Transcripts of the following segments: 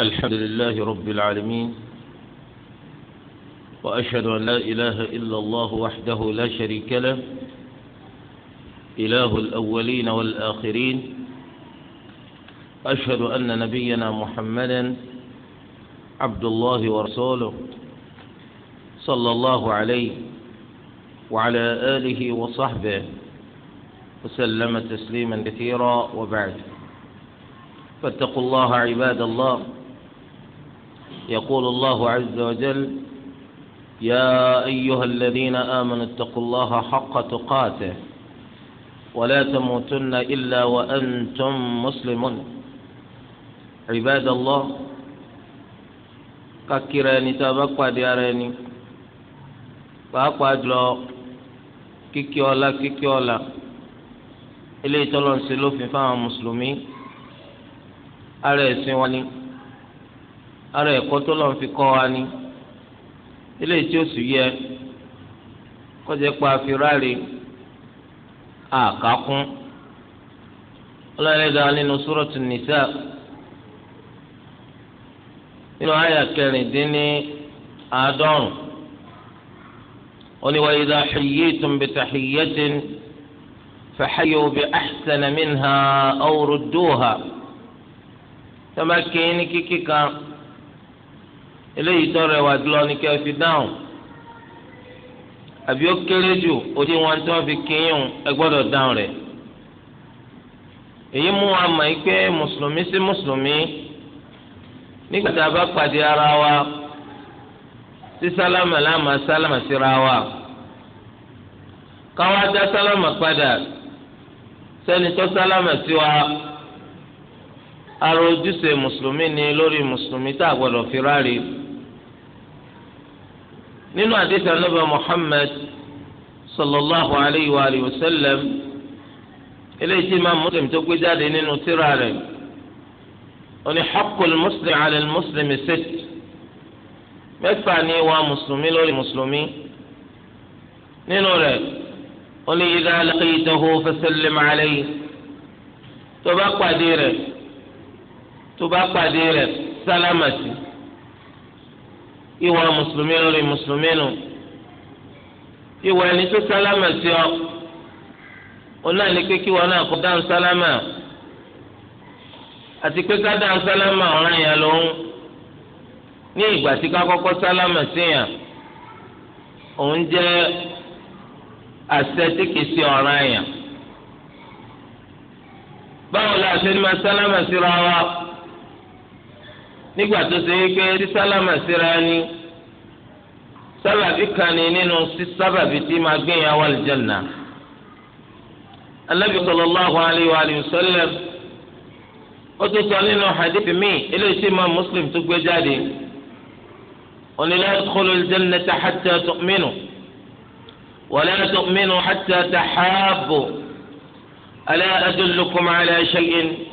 الحمد لله رب العالمين وأشهد أن لا إله إلا الله وحده لا شريك له إله الأولين والآخرين أشهد أن نبينا محمدا عبد الله ورسوله صلى الله عليه وعلى آله وصحبه وسلم تسليما كثيرا وبعد فاتقوا الله عباد الله يقول الله عز وجل يا أيها الذين آمنوا اتقوا الله حق تقاته ولا تموتن إلا وأنتم مسلمون عباد الله kakira ẹni tá a bá pàdé ara ẹni pàápàá jùlọ kíkí ara ẹ̀sìn wa ni ara ẹ̀kọ́ tó lọ́n fi kọ́ wa ni eléyìí tí ó sì yẹ kọjá pa afiraare àkàkún ọlọ́yẹ̀dá nínú súrọ̀tù nìsá nínú àyà kẹrìndínní àádọ́rùn oníwà idha hayyitum bitahiyyatin fahayu bi ahsana minha aw rudduha. sọba kéé ní kíkí kan eléyìí tọrọ ẹwà jùlọ ní kẹ́ ẹ fi dáhùn àbí ó kéré jù òdi wọn tí wọn fi kéyìn ẹ gbọ́dọ̀ dáhùn rẹ̀ èyí mú wa mọ̀ yìí pé mùsùlùmí sí mùsùlùmí nígbà tá a bá pàdé ara wa sí sálámà láàmà sálámà síra wa káwá dá sálámà padà sẹ́ni tó sálámà sí wa ara ojúṣe mùsùlùmí ni lórí mùsùlùmí tá a gbọdọ̀ fi ráre nínú àdéhùn anábà Muhammad sallallahu alayhi wa alihi wa sallam eléyìí tí Imam Muslim tó gbé jáde nínú tírà rẹ̀ oní haqqul muslim ala muslim sitt mẹ́fà ni wà mùsùlùmí lórí mùsùlùmí nínú rẹ̀ oní idha laqitahu fasallim alayhi tó bá pàdé rẹ̀ tó bá pàdé rẹ̀ sálámà sí ìwà mùsùlùmí lórí mùsùlùmí nù ìwà ẹni tó sálámà ọ ọ̀nà ni pé kí wọn náà kó dáhùn sálámà àti pé ká dáhùn sálámà ọ̀ràn yẹn lòún ní ìgbà tí ká kọ́kọ́ sálámà sí yàn òun jẹ́ àṣẹ tí kìí ọ̀ràn yàn báwo la ṣe ní ma sálámà síra wa nígbà tó ṣe é pé sísálámà síra ni sábàbí kan ni nínú sábàbí tí máa gbéyàn wà lìjẹ̀nà. Ànábì sallallahu alayhi wa alihi wa sallam ó tún sọ nínú hadithi mi eléyìí tí Imam Muslim tó gbé jáde onílẹ̀ kọlu jannata hatta tu'minu wala tu'minu hatta tahabbu ala adullukum ala shay'in.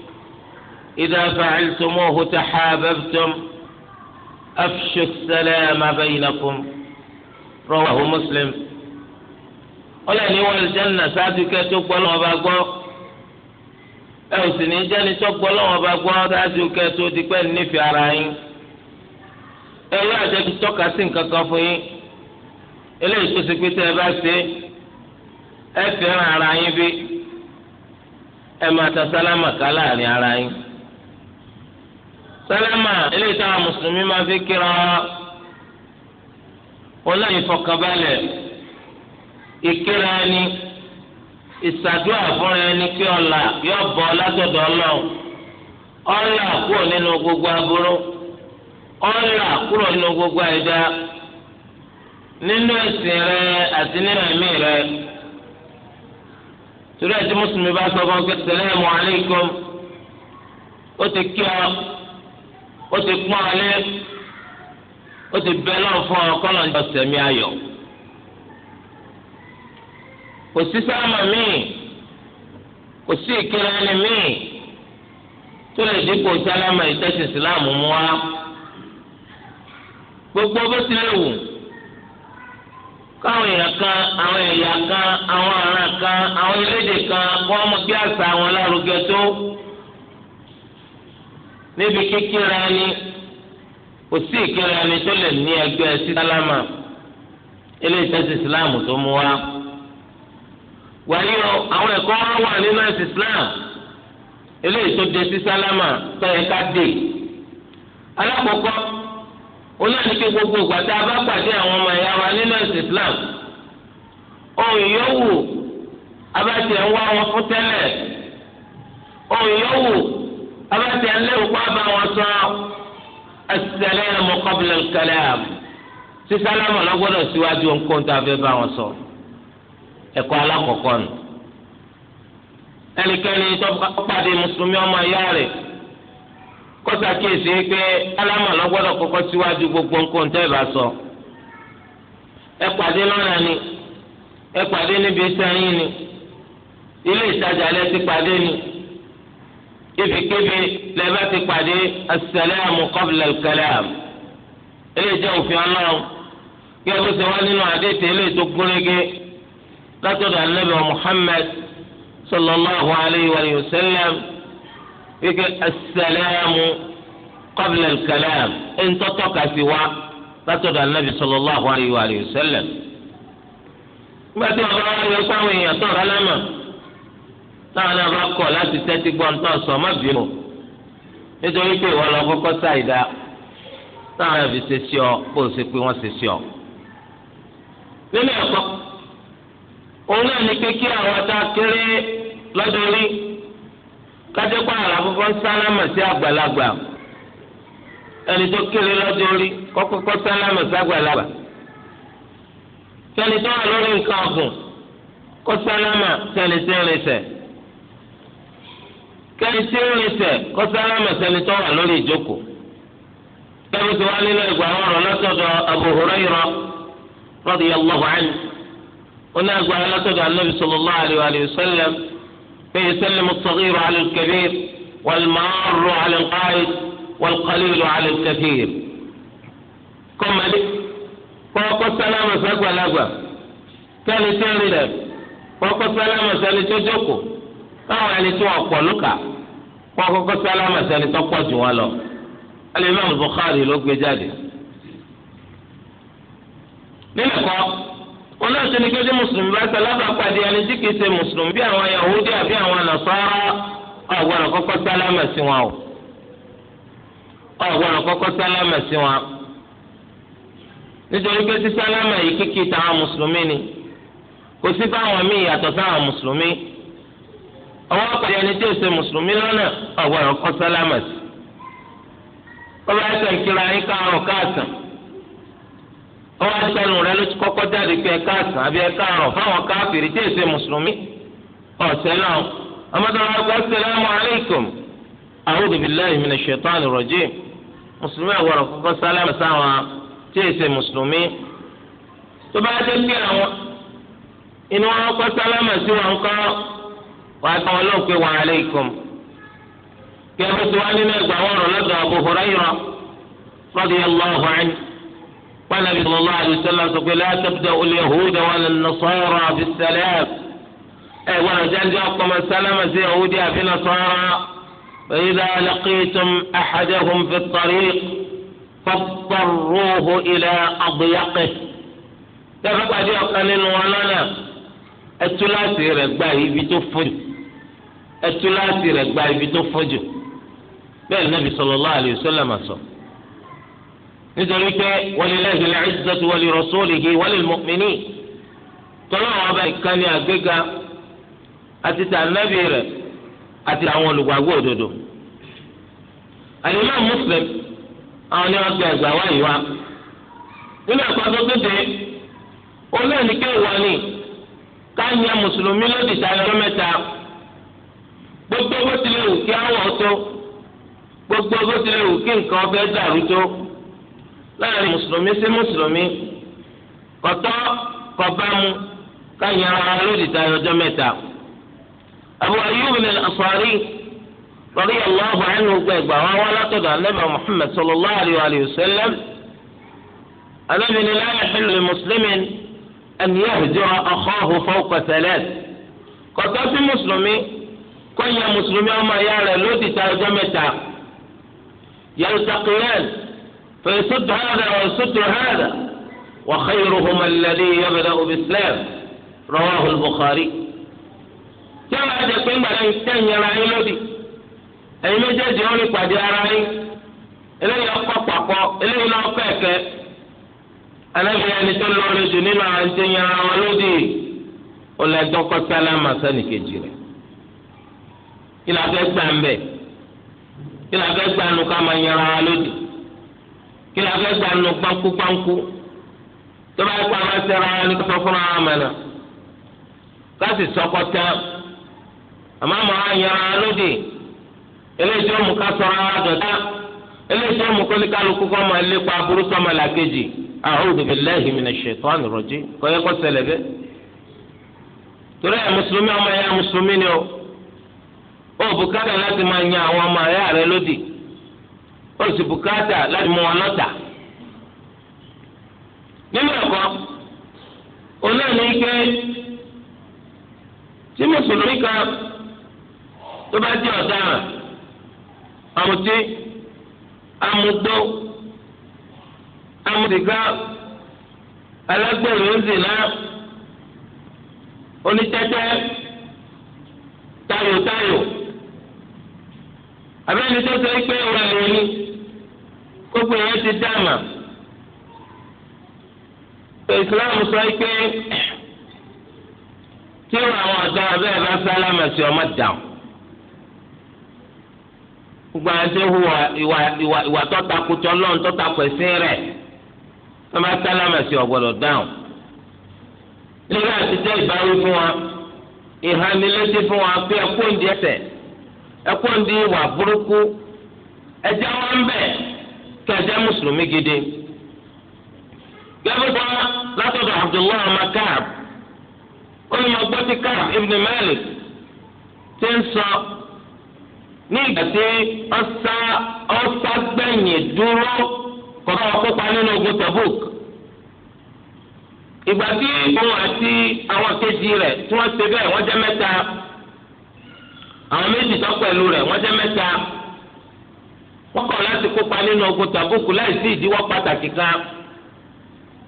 إذا فعلتموه تحاببتم أفشوا السلام بينكم رواه مسلم ولا نوى الجنة ساتك تقبل وبقى ẹ ò sì ní jẹ́ni tó gbọ́ lọ́wọ́ bá gbọ́ dájú kẹ́ tó di pẹ́ nífẹ̀ẹ́ ara yín ara sálámà eléyìí táwọn mùsùlùmí máa fi kíra wọn náà ìkíra ẹni ìsàdúrà fúnra ẹni kí ọlà yóò bọ látọ̀dọ̀ Ọlọ́run ọlà kúrò nínú gbogbo aburú ọlà kúrò nínú gbogbo àìdá nínú ẹ̀sìn rẹ àti nínú ẹ̀mí rẹ torí ẹtí mùsùlùmí bá sọ fún ọ pé sẹlẹmù aleikum ó ti kí ọ. ó ti pọ́n ọ lé ó ti bẹ lọ́n fún ọ kọ́lọ̀ ní ọ̀sẹ̀ mi ayọ̀ kò sí sáàmà míì kò sí ìkíra ẹni míì tó lè dípò sálámà ìtẹ́sí ìsìláàmù mú wa gbogbo bó tilẹ̀ wù káwọn èèyàn kan àwọn ẹ̀yà kan àwọn ará kan àwọn elédè kan kó wọn mọ bí àṣà wọn lárugẹ tó níbi kíkíra ẹni kò sí ìkíra ẹni tó lè ní ẹgbẹ́ sítálámà eléyìí tẹ́sí ìsìláàmù tó mú wa. wàyí o àwọn ẹ̀kọ́ wà nínú ẹ̀sìn islam eléyìí tó de sítálámà tó yẹ ká dé. alákọ̀ọ́kọ́ onáni pé gbogbo ìgbà tá a bá pàdé àwọn ọmọ ẹ̀yà wa nínú ẹ̀sìn islam ohun yòówù abájẹ́ ń wá wọn fún tẹ́lẹ̀ ohun yòówù kó bá wọn sọ as-salamu qabla al-kalam sísálámù lọ́gbọ́dọ̀ síwájú nǹkan tó a fẹ́ bá wọn sọ ẹ̀kọ́ alákọ̀ọ́kọ́ nù ẹnikẹ́ni tó pàdé mùsùlùmí ọmọ ìyá rẹ̀ kọ́sà kíyèsí pé sálámù lọ́gbọ́dọ̀ kọ́kọ́ síwájú gbogbo nǹkan tó ẹ̀ bá sọ ẹ lọ́nà ni ẹ níbi iṣẹ́ ni ilé ìtajà lẹ́sìn pàdé ni. kébékébé lẹ́ẹ̀bá ti pàdé asalaamu qabla al ilé jẹ́ òfin ọlọ́run kí ẹ bó ṣe wá nínú àdéhùn eléyìí tó gúnrégé látọ̀dọ̀ anabi muhammed sallallahu alayhi wa sallam wíkẹ́ asalaamu qabla al-kalaam ẹni tó tọ́ka sí wa látọ̀dọ̀ anabi sallallahu alayhi wa sallam. nígbà tí wọn bá wá yọ sáwọn èèyàn tó rálá mọ́. táwọn náà bá kọ̀ láti tẹ́tí gbọ́n tó sọ má bínú nítorí pé ìwọ lọ kọ́kọ́ ṣàìdá táwọn náà fi ṣe sí ọ kó o ṣe pé wọ́n ṣe sí ọ. nínú ẹ̀kọ́ òun náà ní kékeré àwọn ata kéré lọ́dún rí kájọ́pọ̀ àlàfọ́fọ́ sálámà sí àgbàlagbà ẹni tó kéré lọ́dún rí kọ́kọ́kọ́ sálámà sí àgbàlagbà tẹni tó wà lórí nǹkan ọ̀gùn kó sálámà tẹni tẹ́rin sẹ̀ kẹ́ni tí ó rinṣẹ́ kó sálámà sẹ́ni tó wà lórí ìjókòó. kẹ́ni tí wọ́n nílò ìgbà ọ̀rọ̀ lọ́sọ̀dọ̀ Abu Hurairah radiyallahu anhu. ó ní àgbà lọ́sọ̀dọ̀ anábì sallallahu alayhi wa sallam pé yusallimu as-saghiru ala al-kabir wal-marru ala al-qa'id wal-qalilu ala al-kathir. kọ́mọdé kọ́kọ́ sálámà sàgbàlagbà kẹ́ni tí ó rinṣẹ́ kọ́kọ́ sálámà sẹ́ni tó jókòó báwọn ẹni tí wọn pọ̀ lóka wọn kọ́kọ́ sálámà sẹ́ni tó pọ̀ jù wọn lọ alimami Bukhari ló gbé jáde nínú ẹ̀kọ́ wọn náà sẹni kéde mùsùlùmí bá sálábà pàdé ẹni tí kìí ṣe mùsùlùmí bí àwọn Yahudi àbí àwọn Nasara ọ̀gbọ́n kọ́kọ́ sálámà sí wọn o ọ̀gbọ́n kọ́kọ́ sálámà sí wọn nítorí pé sísálámà yìí kíkì táwọn mùsùlùmí ni kò sí fáwọn míì yàtọ̀ sáwọn mùsùlùmí àwọn ọkọ̀ ẹni tí èsè mùsùlùmí lọ́nà ọ̀gbọ́n ọkọ̀ sálámàsì ọba ẹsẹ̀ nkiri ayé káàrọ̀ káàsán ọba ẹsẹ̀ nù rẹ ló ti kọ́kọ́ jáde pé káàsán àbí káàrọ̀ fáwọn káfìrí tí èsè mùsùlùmí ọ̀sẹ̀ náà ọmọdéwà ọkọ̀ assalamu alaykum a'udhu billahi minash shaitani rajim mùsùlùmí àwọ̀rọ̀ kọ́kọ́ sálámà sáwọn tí èsè mùsùlùmí tó bá dé wàá gbọ́ ọlọ́run pé wa alaykum kí ẹ bó ti wá nínú ẹgbà wọ́ọ̀rọ̀ lọ́dọ̀ Abu Hurairah radiyallahu anhu qala Nabi sallallahu alayhi wa sallam sọ pé la tabda'u al-yahuda wala an-nasara bis-salam ẹ wọ́n jáde ọkọ̀ mọ́ sálámà sí yahudi àfi nasara فإذا لقيتم أحدهم في الطريق فاضطروه إلى أضيقه tẹ́fẹ́ pàdé ọ̀kan nínú wọn lọ́nà ẹtú láti rẹ̀ gba ibi tó fún yìí ẹtú láti rẹ̀ gba ibi tó fọ́jù bẹ́ẹ̀ nàbì sallallahu alayhi wa sallam sọ nítorí pé walillahi al-izzatu wa li rasulihi wa lil mu'minin tọ́lá àwọn ọba ìkànnì àgbéga àti tànàbì rẹ̀ àti àwọn olùgbàgbọ́ òdodo àyìnbá Muslim àwọn ni wọ́n fi àgbà wá ìwà nínú àpapọ̀ tó dé olóòníkè wọ́n ni ká nyẹ mùsùlùmí lódì tayọ mẹ́ta gbogbo bó tilẹ̀ wù kí àwọ̀ tó gbogbo bó tilẹ̀ wù kí nǹkan ọbẹ̀ dàrú tó láàrin mùsùlùmí sí mùsùlùmí kọ̀tọ́ kọ̀bámu káyọ̀ ara lódì tayọ ọjọ́ mẹ́ta. Abu Ayyub al-Ansari radiyallahu anhu gba ẹgbà wọn wá látọ̀dọ̀ anábà Muhammad sallallahu alayhi wa sallam. anábì ni la yahillu li muslimin an yahjura akhahu fawqa thalath. kọ̀tọ́ sí mùsùlùmí. kọ́nyà mùsùlùmí ọmọ ya rẹ̀ ló ti ta ọjọ́ mẹ́ta yaltaqiyan fayasuddu hada wa yasuddu hada wa khayruhuma alladhi yabda'u bislam rawahu al-bukhari. tí a máa jẹ pé ń gbàdá ìtẹ̀yìn ara yín lódì ẹ̀yin méjèèjì ó ní pàdé ara yín eléyìí ọkọ̀ pàpọ̀ eléyìí náà ẹ̀kẹ́ anábìyẹn ẹni tó lọ́ọ́ lójú nínú àwọn ẹni ara wọn lódì ó lẹ́ẹ̀dọ́kọ̀ kí la fẹ́ gbà ń bẹ̀ kí la fẹ́ gbà nù ká máa yẹra wa lódì kí la fẹ́ gbà nù tó bá gbà máa ṣe wa ní kótó wa mọ̀nà ká sì sọkọ tán àmọ́ yẹra wa lódì eléyìí ọmọ ká ara dọ̀tá eléyìí ọmọ kọ́ni kálukú kọ́ lépa ó bùkátà láti máa yan àwọn ọmọ rẹ àrẹ lódì ó sì bùkátà láti mú wọn lọ́tà nínú ẹ̀kọ́ olóòní pé tí mùsùlùmí kan tó bá jẹ́ ọ̀daràn àmùtí amugbó amúdìgá alágbèrè ńzìlá onítẹ́tẹ́ tayòtayò. Tayo, tayo abẹ́ni tó sọ pé òun lè ní gbogbo èèyàn ti dáàmà tó Islam sọ pé tí àwọn ọ̀dọ́ ọbẹ̀ bá sálámà sí ọmọ dáhùn gbogbo àwọn tó hu ìwà ìwà ìwà tọ́takùtọ̀ lọ́n tọ́takù ẹ̀sìn rẹ̀ wọ́n bá sálámà sí ọ̀gbọ́dọ̀ dáhùn nígbà tí jẹ́ ìbáwí fún wa ìhánilétí fún wa pé ẹkú ń jẹ́sẹ̀. ẹkọ́ ndị wa ìwà burúkú ẹjẹ́ wọn bẹ bẹ̀ kẹjẹ́ mùsùlùmí gidi. gẹ́gẹ́ látọ̀dọ̀ abdullahi ọmọ káàb ó ní mo gbọ́ tí káàb ibn malik ti ń sọ ní ìgbà tí dúró kọ́kọ́ kópa nínú ogun tabuk ìgbà tí àwọn méjì tó pẹ̀lú rẹ̀ wọ́n jẹ́ mẹ́ta wọ́n kọ̀ láti kópa nínú ogun tàbùkù láìsí ìdíwọ́ pàtàkì kan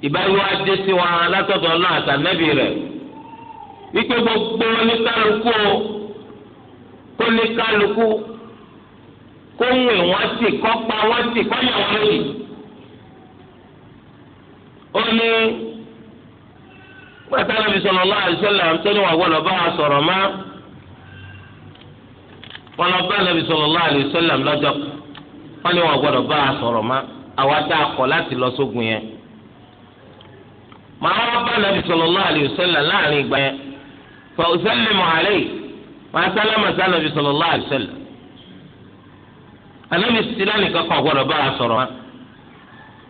ìbáyọ̀ adé sí wọn látọ̀dọ̀ náà àtànẹ́bì rẹ̀ wípé gbogbo oníkálukú oníkálukú kó ń wè wọ́n sì kọ́ pa wọ́n sì kọ́ yà wọ́n lì ó ní pàtàkì sallallahu alaihi wasallam tó ní wàá gbọ́dọ̀ sọ̀rọ̀ máa. wọn bá nàbì sallallahu alaihi wasallam lọ́jọ́ wọn ni wọn bá a sọ̀rọ̀ má àwa tá a láti lọ sógun yẹn màá wá bá nàbì sallallahu alaihi wasallam láàrin ìgbà yẹn fa usallimu alayhi màá sá nàbì a sọ̀rọ̀ má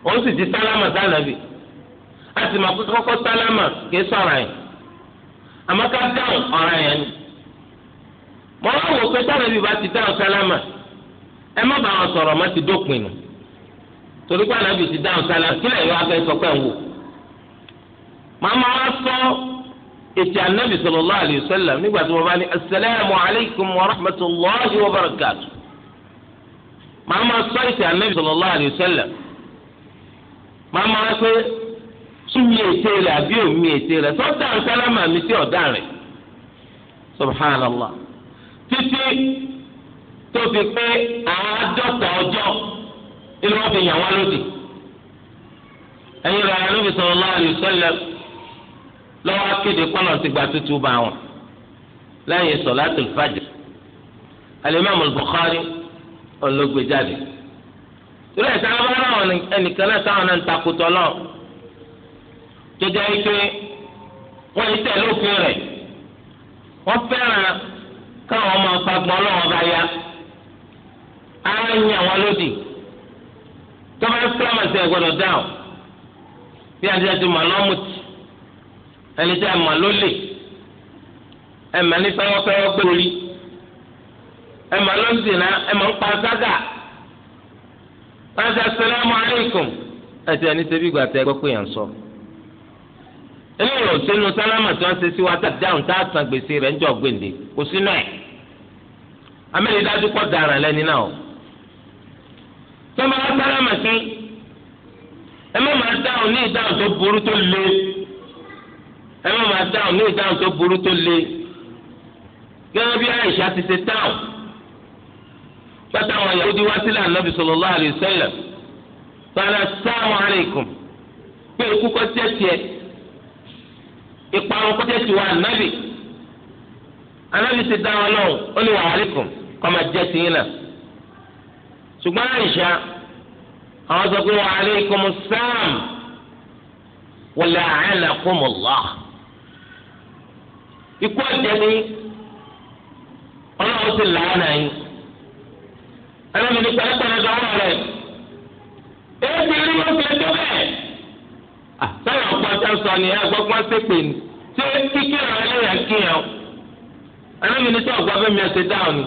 òun sì ti sálámà sá nàbì a sì mọ wọn wò pé táwọn ẹbí bá ti dáhùn sálámà ẹ má bàa sọ̀rọ̀ má ti dópin nù torí pé ànábì ti dáhùn sálámà kílẹ̀ yóò afẹ́ sọ pé ń wò màmá wa sọ ètò ànábì sallallahu alaihi wasallam nígbà tí wọn bá ní wa rahmatulahi wa barakatu màmá sọ ànábì màmá wa pé súnmi ètè rẹ àbí òmi ètè rẹ sọ dáhùn sálámà mi sí ọ̀dà rẹ subhanallah. títí tó fi pé àádọ́ta ọjọ́ nínú wọn fi yàn wá lódì ẹ̀yin rẹ̀ Ànábì sallallahu alaihi wasallam lọ́wọ́ akéde kọ́nà ti gba tútù bá wọn lẹ́yìn sọ̀látùl fajr Al-Imam Al-Bukhari ọlọ́gbẹ́jáde torí ẹ̀ sábà bá wọn ẹnìkan náà sáwọn náà ń takùtọ̀ lọ jẹjẹrẹ pé wọ́n yìí tẹ̀lé òfin rẹ̀ wọ́n fẹ́ràn káwọn máa pagbọn lọ́wọ́ bá yá ara ń yàn wọn lódì tọ́ba ń pẹ́ ọmọ sí ẹ̀gbọ́dọ̀ bí a ti ṣe mọ̀ lọ́mùtì ẹni tí a mọ̀ lólè ẹ mọ̀ ní fẹ́wọ́fẹ́wọ́ gbòòrí ẹ mọ̀ lọ́sìn náà ẹ mọ̀ ń pa pàṣẹ sẹlẹ̀mù ẹni tẹ́bí gbà tẹ́ gbọ́ pé yẹn ń sọ. sínú gbèsè rẹ̀ ń jọ gbèǹde kò amẹ́rìndájú pọ̀ dara lẹ́ni náà o tọ́ba wa sára mà sí ẹ má máa dáhùn ní ìdáhùn tó burú tó le ẹ má máa dáhùn ní ìdáhùn tó burú tó le gẹ́gẹ́ bí Àìṣà ti ṣe dáhùn pátá àwọn Yahudi wá sílẹ̀ ànábì sallallahu alaihi wasallam sọlá sáwọn aleikum pé ikú kọ́ tiẹ̀ tiẹ̀ ìparun kọ́ tiẹ̀ tiwa ànábì ànábì ti dáhùn lọ́wọ́ ó ní wa aleikum kọ́má jẹ́ sí iná ṣùgbọ́n àìṣà àwọn sọ pé wa alaykum salaam wa la'anakum Allah ikú ọ̀jẹ̀ ni ọlọ́run ti làánà yín ẹlẹ́mi ní pẹ̀lẹ́pẹ̀lẹ́ dọ́wọ́ rẹ̀ èébì rí ló fi tó bẹ́ẹ̀ sọ̀rọ̀ ọ̀pọ̀ta sọ ni ẹgbọ́gbọ́n ṣépè ni ṣé kíkí ọ̀rọ̀ ẹlẹ́yà kíyàn ẹlẹ́mi ní sọ̀gbọ́n fẹ́mi ẹ̀ṣẹ̀ dáhùn ni.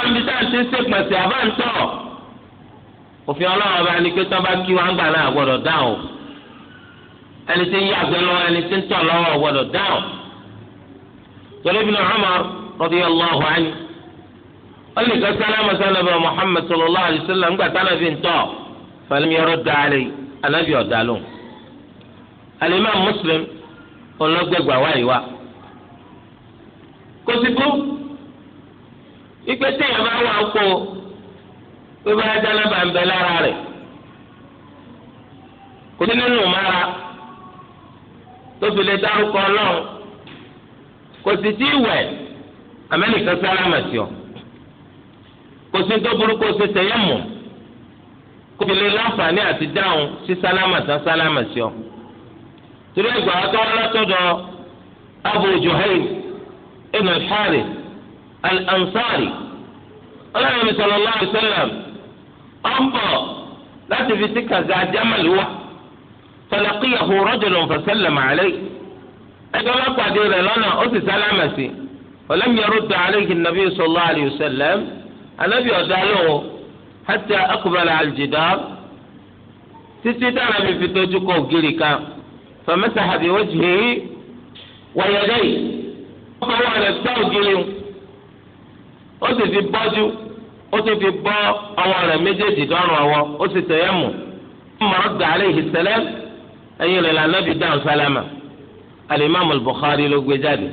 ṣe ń ṣèpẹ̀sẹ̀ àbáǹtọ̀ òfin ọlọ́run ọba ni pé tọ́ba kí wọn gbà náà gbọ́dọ̀ dáhùn ẹni tí ń yàgbẹ́ lọ́wọ́ ẹni tí ń tọ̀ lọ́wọ́ gbọ́dọ̀ dáhùn. torí Ibn Umar radiyallahu anhu wọ́n lè gbẹ́sẹ̀ alámọ̀sá nàbẹ̀ Muhammad sallallahu alayhi wa sallam ńgbà tánàbí ń tọ̀ falam yarudda alayhi anábì ọ̀dà lóhùn. Muslim ọlọ́gbẹ̀gbà wáyé wa. kòsìkú wípé téèyàn bá wà ń kó pé bá jánábà ń bẹ lára rẹ̀ kò sí nínú mára tó fi lè dárúkọ ọlọ́run kò sì tí ì wẹ̀ amẹ́nìkan sára màtí ọ kò sí tó burúkú ṣe tẹ̀yẹ̀ mọ̀ kò fi lè láǹfààní àti dáhùn sí sálámà tán sálámà sí ọ. torí ẹgbàá tó wọn lọ́tọ̀dọ̀ Abu Juhayy ibn al-Harith al-ansari ọlọ́run mi sọ̀rọ̀ lọ́wọ́ ìṣẹ̀lẹ̀ ọ̀nbọ̀ láti fi sí kàzá jamal wa falaqiyahu rajulun fasallama alayhi ẹgbẹ́ wọn pàdé rẹ̀ lọ́nà ó sì sálámà sí falam yarudda alayhi nabi sallallahu alayhi wa sallam anabi ọ̀dọ́ alóhùn hatta aqbala al-jidar títí dára mi fi tójú kọ ògiri kan famasaha bi wajhihi wa yadayhi ọkọ̀ wọn rẹ̀ gbá ògiri wọn. ó sì fi bọ́jú ó sì fi bọ́ ọwọ́ rẹ̀ méjèèjì dọ́rùn ọwọ́ ó sì tẹ̀yẹ́ mù mọ̀rọ̀ ẹ̀yin rẹ̀ dáhùn alimami Bukhari ló gbé jáde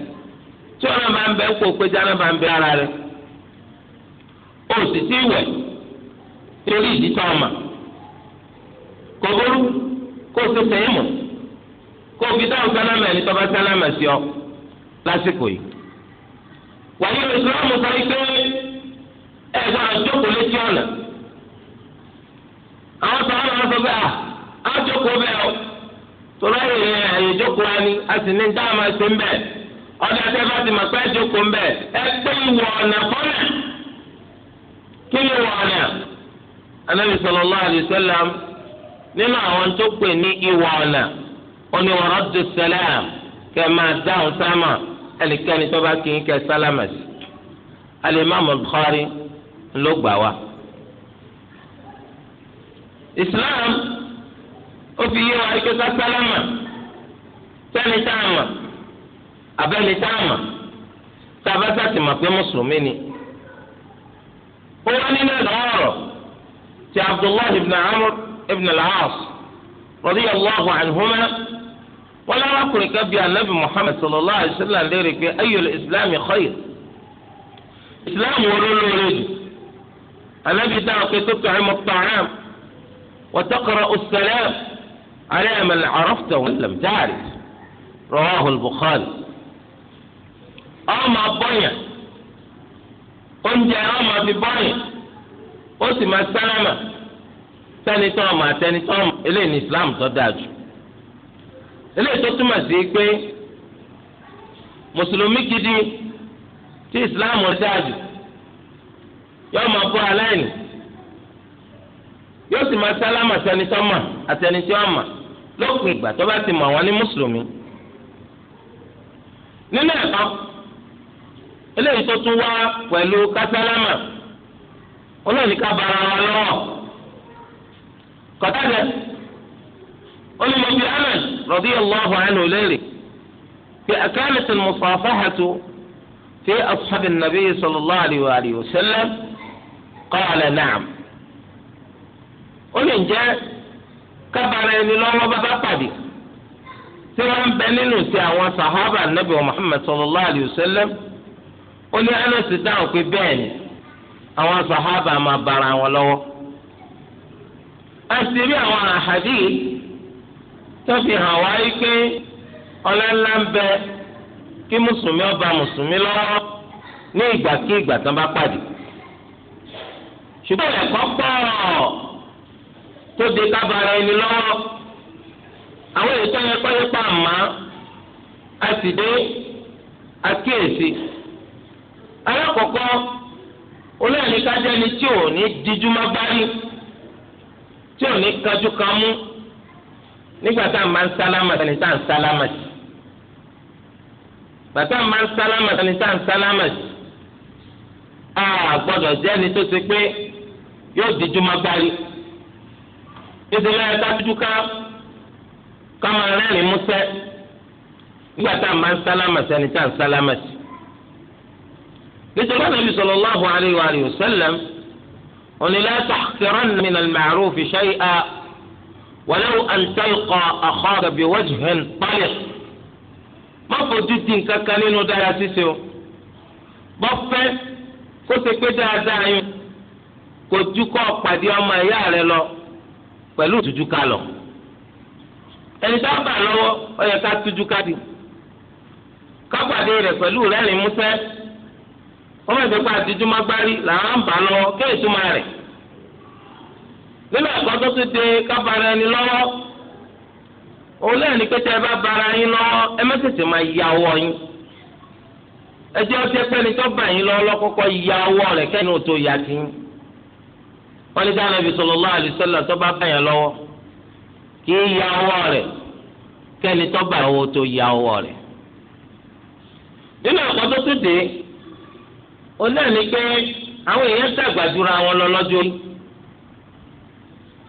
tí wọn bá ń bẹ kó pé jáde bá ń bẹ ara rẹ̀ ó sì ti wẹ̀ torí ìdí tó ọmọ kò burú kó sì tẹ̀yẹ́ mù kó fi dáhùn ẹni tó bá èèyàn jókòó létí ọ̀nà àwọn sọ wọn lọ sọ pé à á jókòó bẹ́ẹ̀ o tọ́lá ìrìn àyè jókòó wa ni a sì ní dáhà máa ṣe ń bẹ̀ ọ̀dà tẹ́ bá ti mọ̀ pé jókòó ń bẹ̀ ẹ pé ìwọ ọ̀nà kọ́nà kí ni ìwọ ọ̀nà Ànábì sallallahu alaihi wasallam nínú àwọn tó pè ní ìwọ ọ̀nà oníwọ̀rọ̀ dùn sẹ́lẹ̀m kẹ́ máa dáhùn sáàmà ẹnikẹ́ni tó bá kí ń kẹ́ sálámà sí. Al-Imam ló gbà wá. Islam ó fi yé wa ike sásálámà sẹ́ni tá a mọ̀ abẹ́ni tá a mọ̀ tábàtà ti mọ̀ pé mùsùlùmí ni. ó wá nínú ẹ̀dọ́ ọ̀rọ̀ ti Abdullahi ibn Amr ibn al-As radiyallahu anhuma wọ́n lárakùnrin kan bí anabi Muhammad sallallahu alayhi wa sallam léèrè pé ayyul islam khayr islam wo ló lóore النبي دعوة تطعم الطعام وتقرأ السلام على من عرفته ومن لم تعرف رواه البخاري أما بنيا oúnjẹ ọmọ fi bọ́yìn ó sì máa sálámà sẹ́ni tó ọmọ àtẹni tó ọmọ eléyìí ní Islam tó dáa jù eléyìí tó túmọ̀ sí pé mùsùlùmí gidi tí Islam rẹ̀ dáa jù yóò ma bọ́ aláìní yóò sì ma sálámà sẹ́nitọ́ mà àtẹnitọ́ mà lópin ìgbà tó bá ti mọ̀ wọ́n ní mùsùlùmí. nínú ẹ̀kọ́ eléyìí tó tún wá pẹ̀lú kásálámà olóòní ká bara wa lọ́wọ́ kọ́tàjẹ́ olùmọ̀bí ahmed radiyallahu anhu léèrè pé akanat fi ashabi an-nabi sallallahu wa sallam. qala na'am ó lè jẹ́ kábàárà ẹni lọ́wọ́ bàbá pàdé tí wọ́n ń bẹ nínú ti àwọn sàhábà nàbì Muhammad sallallahu alayhi wa sallam ó ní Anas dáhùn pé bẹ́ẹ̀ ni àwọn sàhábà máa bára wọn lọ́wọ́ àṣírí àwọn àhàdí tó fi hàn wá yí pé ń bẹ kí mùsùlùmí ó mùsùlùmí lọ́wọ́ ní ṣùgbọ́n ẹ̀kọ́ pọ̀ tó de kábàárà ẹni lọ́wọ́ àwọn ètò ẹ̀kọ́ yẹn pa àmà a sì dé àkíyèsí alákọ̀ọ́kọ́ olóyìn kájẹ́ ni tí ò ní díjú má bárí tí ò ní kájú kan mú nígbà tá a máa ń sálámà sani tá a ń sálámà sí bàtà máa ń sálámà sani tá a ń sálámà sí a gbọ́dọ̀ jẹ́ ni tó ṣe pé yóò di jùmọ̀ gbárí títí lẹ́yìn tájú ká ká máa rẹ́rìn músẹ́ nígbà tá a máa ń sálámà sí ẹni tá a ń sálámà sí. nítorí Ànábì sallallahu alayhi wa sallam oní la tahqiranna min al-ma'ruf shay'an walau an talqa akhaka bi wajhin taliq. má fojú di nǹkan kan nínú dára ṣíṣe o bọ́ kó ṣe pé dáadáa yín. kojú kọ́ pàdé ọmọ ya rẹ lọ pẹ̀lú ìtújú ká lọ ẹni tó ń bà lọ́wọ́ ó yẹ ká tújú ká di ká pàdé rẹ pẹ̀lú rẹ́rìn músẹ́ wọ́n mọ̀ sí pé gbárí làwọn ń bà lọ́wọ́ kí ètùmọ̀ rẹ̀ nínú ẹ̀kọ́ tó ká ẹni lọ́wọ́ òun ní pé tẹ́ ẹ bá yín lọ́wọ́ ẹ ya ọwọ́ yín ẹ wọ́n ní dáná ibi sallallahu alaihi wasallam tó bá báyàn lọ́wọ́ ya ọwọ́ rẹ̀ kẹ́ni tó bá tó ya ọwọ́ rẹ̀. nínú ẹ̀kọ́ tó tètè ó náà ní pé àwọn èèyàn dàgbà jura wọn lọ lọ́jọ́ yìí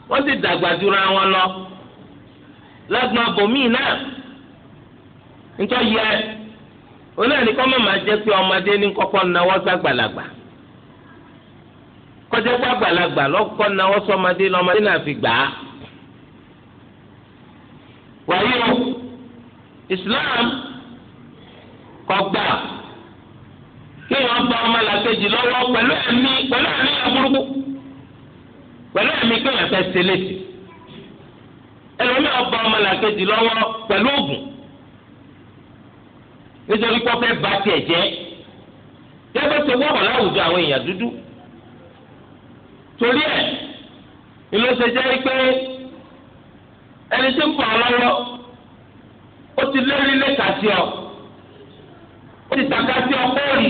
wọ́n ti dàgbà jura wọn lọ lọ́gbọ́n bòmíì náà nítorí yẹ ó náà ní kọ́ mọ̀ máa jẹ́ pé kọjá wá gbàlagbà lọ́kọ́ náwó sọmọdé lọ́mọdé náà fi gbà á. wàyí o Islam kọgbà kéèyàn bá ọmọ làkejì lọ́wọ́ pẹ̀lú ẹ̀mí pẹ̀lú ẹ̀mí aburúkú pẹ̀lú ẹ̀mí kéèyàn fẹ́ sẹlẹ̀tì ẹlòmíràn bá ọmọ làkejì lọ́wọ́ pẹ̀lú ògùn nítorí pé ọfẹ́ bá tiẹ̀ jẹ́ yẹ́n bó ti wọ́pọ̀ láwùjọ àwọn èèyàn dúdú. torí ẹ̀ ìlú ṣe jẹ́ ẹni tí ń ó ti lérí lẹ́ka sí ọ ó ti tàka sí ọ kórì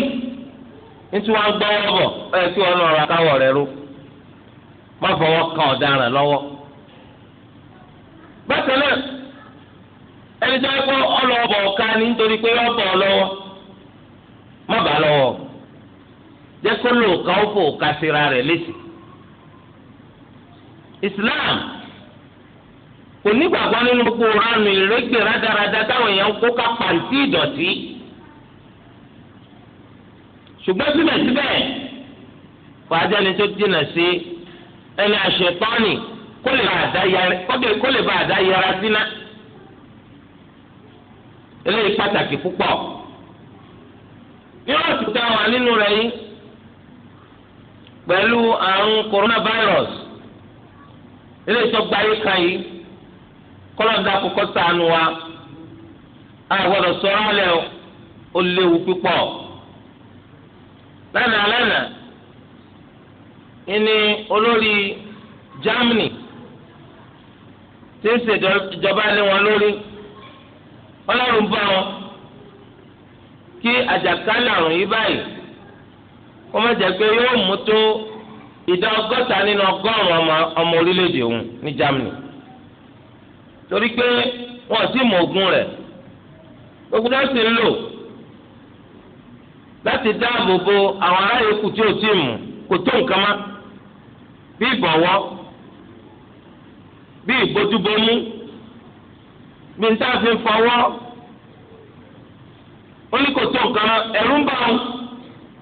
nítorí wọn gbọ́ wọ́bọ̀ ẹ kí wọn lọ́ọ́ ra rẹ ró má kan bákan náà ẹni ni nítorí pé má bàa Islam kò nígbàgbọ́ nínú gbogbo ránù ìrégbè rádaràda táwọn èèyàn kó ká ìdọ̀tí ṣùgbọ́n síbẹ̀síbẹ̀ tó dínà sí ẹni kó lè bá àdá síná eléyìí pàtàkì púpọ̀ yóò eléyìí tó gbayé kan yìí kọlọ́ńdà kọ́kọ́ sànù wa àgbọ̀dọ̀ sọ̀rọ̀ alẹ́ ó léwu púpọ̀ lánàá lánàá ìní olórí Germany tí ń ṣèjọba lé wọn lórí ọlọ́run bá wọn kí àjàkálẹ̀ àrùn yìí báyìí kọ́mọ̀jẹ̀ pé yóò mú tó ìdá ọgọ́ta nínú ọgọ́rùn-ún ọmọ orílẹ̀-èdè òun ní Germany torí pé wọn ò sí mọ ogun rẹ̀ gbogbo náà sì ń lò láti dáàbò bo àwọn aráyè kù tí ò tí ì mú kò tó nǹkan má bí ìbọ̀wọ́ bí ìbójúbomú bí n táà fi ń fọwọ́ ó ní kò tó nǹkan má ẹ̀rú ń bá wọn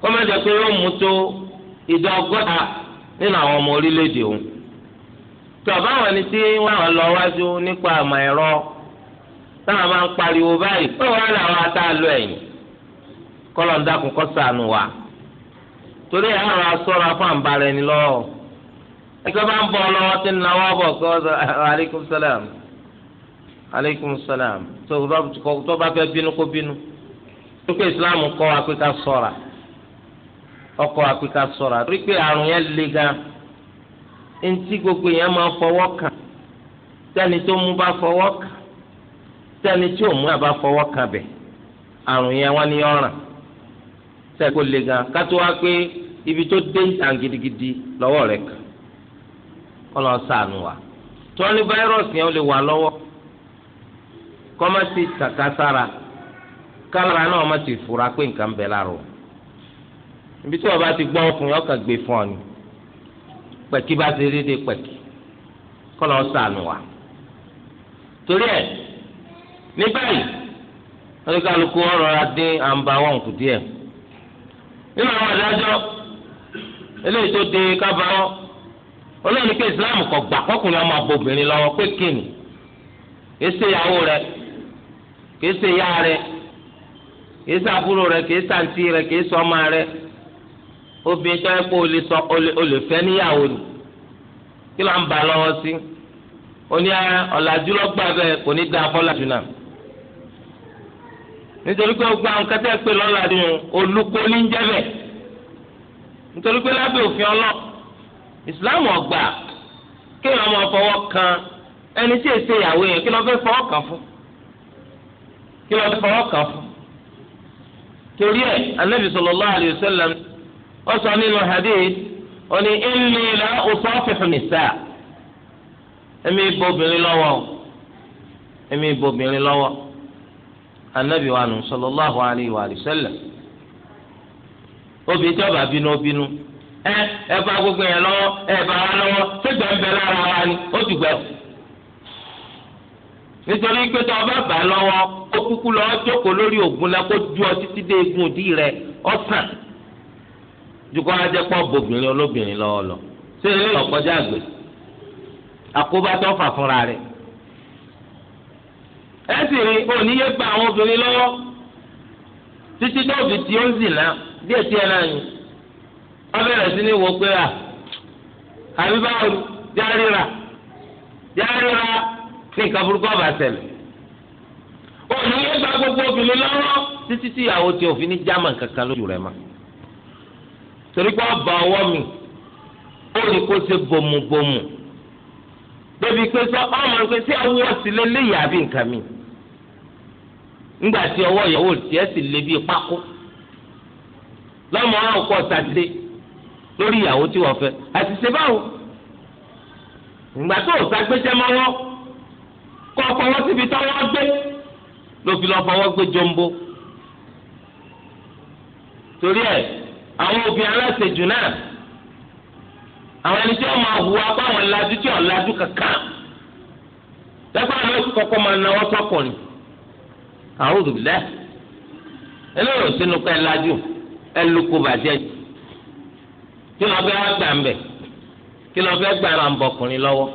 kọ́mẹ́jọ pé yóò mú tó ìdá ọgọ́ta nínú àwọn ọmọ orílẹ̀-èdè òun tọ̀bá àwọn ẹni tí wọ́n lọ wájú nípa àmọ̀ ẹ̀rọ táwọn máa ń pariwo báyìí pé wọ́n là wá tá a lọ ẹ̀yìn kọ́lọ̀ ń dákun kọ́ sànù wa torí ẹ̀ àrùn asọ́ra fún ẹni lọ́wọ́ ẹgbẹ́ bá ń bọ̀ lọ́wọ́ tí ń náwó bọ̀ kọ́ ah, aleykum salam aleykum salam tó bá fẹ́ bínú kó bínú tó kó ìsìlámù kọ́ wa pé ká sọ̀ra. ọkọ àpèkà a àti pé àrùn yẹn le gan eŋti gbogbo yẹn máa fọwọ́ kàn tẹ́ni tó mú bá fọwọ́ kàn tẹ́ni tí àbá fọwọ́ kàn wọ́n ni ọràn kó le gan kátó wá ibi tó dé ìtàn gidigidi lọ́wọ́ rẹ̀ kàn kọ́lọ́ sànù wa tọ́ni fáírọ́ọ̀sì yẹn lè wà lọ́wọ́ kálára náà ọmọ ti fura pé nǹkan bẹ̀ ibi tí wọ́n bá ti gbọ́ ọkùnrin ọkàn gbé fún ọ ni pẹ̀kí bá ti rí de pẹ̀kí kọ́ lọ́ọ́ sànù wa torí ẹ̀ ní báyìí oníkàlùkù ọ̀rọ̀ adé àǹbá wọn kù díẹ̀ nínú àwọn adájọ́ eléyìí tó de kábàárọ̀ olóyìn pé Islam kò gbà kọkùnrin ọmọ abobìnrin lọ́wọ́ pé kíni kìí ṣe ìyàwó rẹ̀ kìí ṣe ìyá rẹ̀ kìí ṣe àbúrò rẹ̀ kìí ṣe àǹtí rẹ̀ kìí ṣe ọmọ rẹ̀. obìnrin tó yẹ kó o sọ o lè níyàwó ni kí ló ń ba lọ́wọ́ sí oní ah, ọ̀làjú lọ́gbà bẹ́ẹ̀ kò ní da afọ́làjú náà nítorí pé pé lọ́làjú olùkó ní jẹ́bẹ̀ nítorí pé lábẹ́ òfin ọlọ́ Islam ọgbà kan ẹni tí ìyàwó yẹn kí ló fẹ́ fọwọ́ kàn fún kí ló fẹ́ fọwọ́ kàn fún torí ó sọ nínú hadith ó ní inni la usafihu nisa èmi bobìnrin lọ́wọ́ èmi bobìnrin anabi wa nù alayhi wa sallam tí wa lára wa ni ó ti gbẹ nítorí pé tí ọba bá ó kúkú lọ lórí ògùn títí dé egun òdì rẹ dukọ ajẹ pọ bobìnrin olóbìnrin lọ́wọ́ lọ ṣé ilé ọkọjá àgbè àkóbátọ fà fúnra rẹ̀ ẹ sì rí oníyé gba àwọn obìnrin lọ́wọ́ títí tó fi tí ó ń zìnà díẹ̀ tí ẹ náà yìí wọn bẹ̀rẹ̀ sí ní wo pé à àbí báwo járíra járíra ní nǹkan burúkú ọba ṣẹlẹ̀ oníyé gba gbogbo obìnrin lọ́wọ́ títí tí ìyàwó tí òfin ní jámà kankan lójú rẹ̀ máa torí pé ọba ọwọ́ mi ó rí kó ṣe bomubomu débi pé sọ ọmọ pé sí àwọn ọ̀sìn lélẹ́yìí àbí nǹkan mi ńgbà tí ọwọ́ ìyàwó tiẹ̀ sì lé bíi pákó lọ́mọ àwọn ọkọ̀ ṣàtìlé lórí ìyàwó tí wọ́n fẹ́ àti ṣe báwo ìgbà tó òṣàgbéjẹ́ mọ́wọ́ kọ́ ọpọlọ síbi tọ́wọ́ gbé ló fi lọ́ fọwọ́ gbé jombo torí ẹ̀ àwọn obìnrin aláṣejù náà àwọn ẹni tí wọn máa hu apá àwọn lajú tí wọn lajú kankan lẹ́gbàá ló kọ́kọ́ máa náwó sọ́kùnrin àwọn òdùbílẹ̀ eléyìí sínú ká ẹ lajú ẹ lóko bàjẹ́ kí lọ́ọ́ fẹ́ gbà ń bẹ̀ kí lọ́ọ́ fẹ́ gbà ń bọ̀kùnrin lọ́wọ́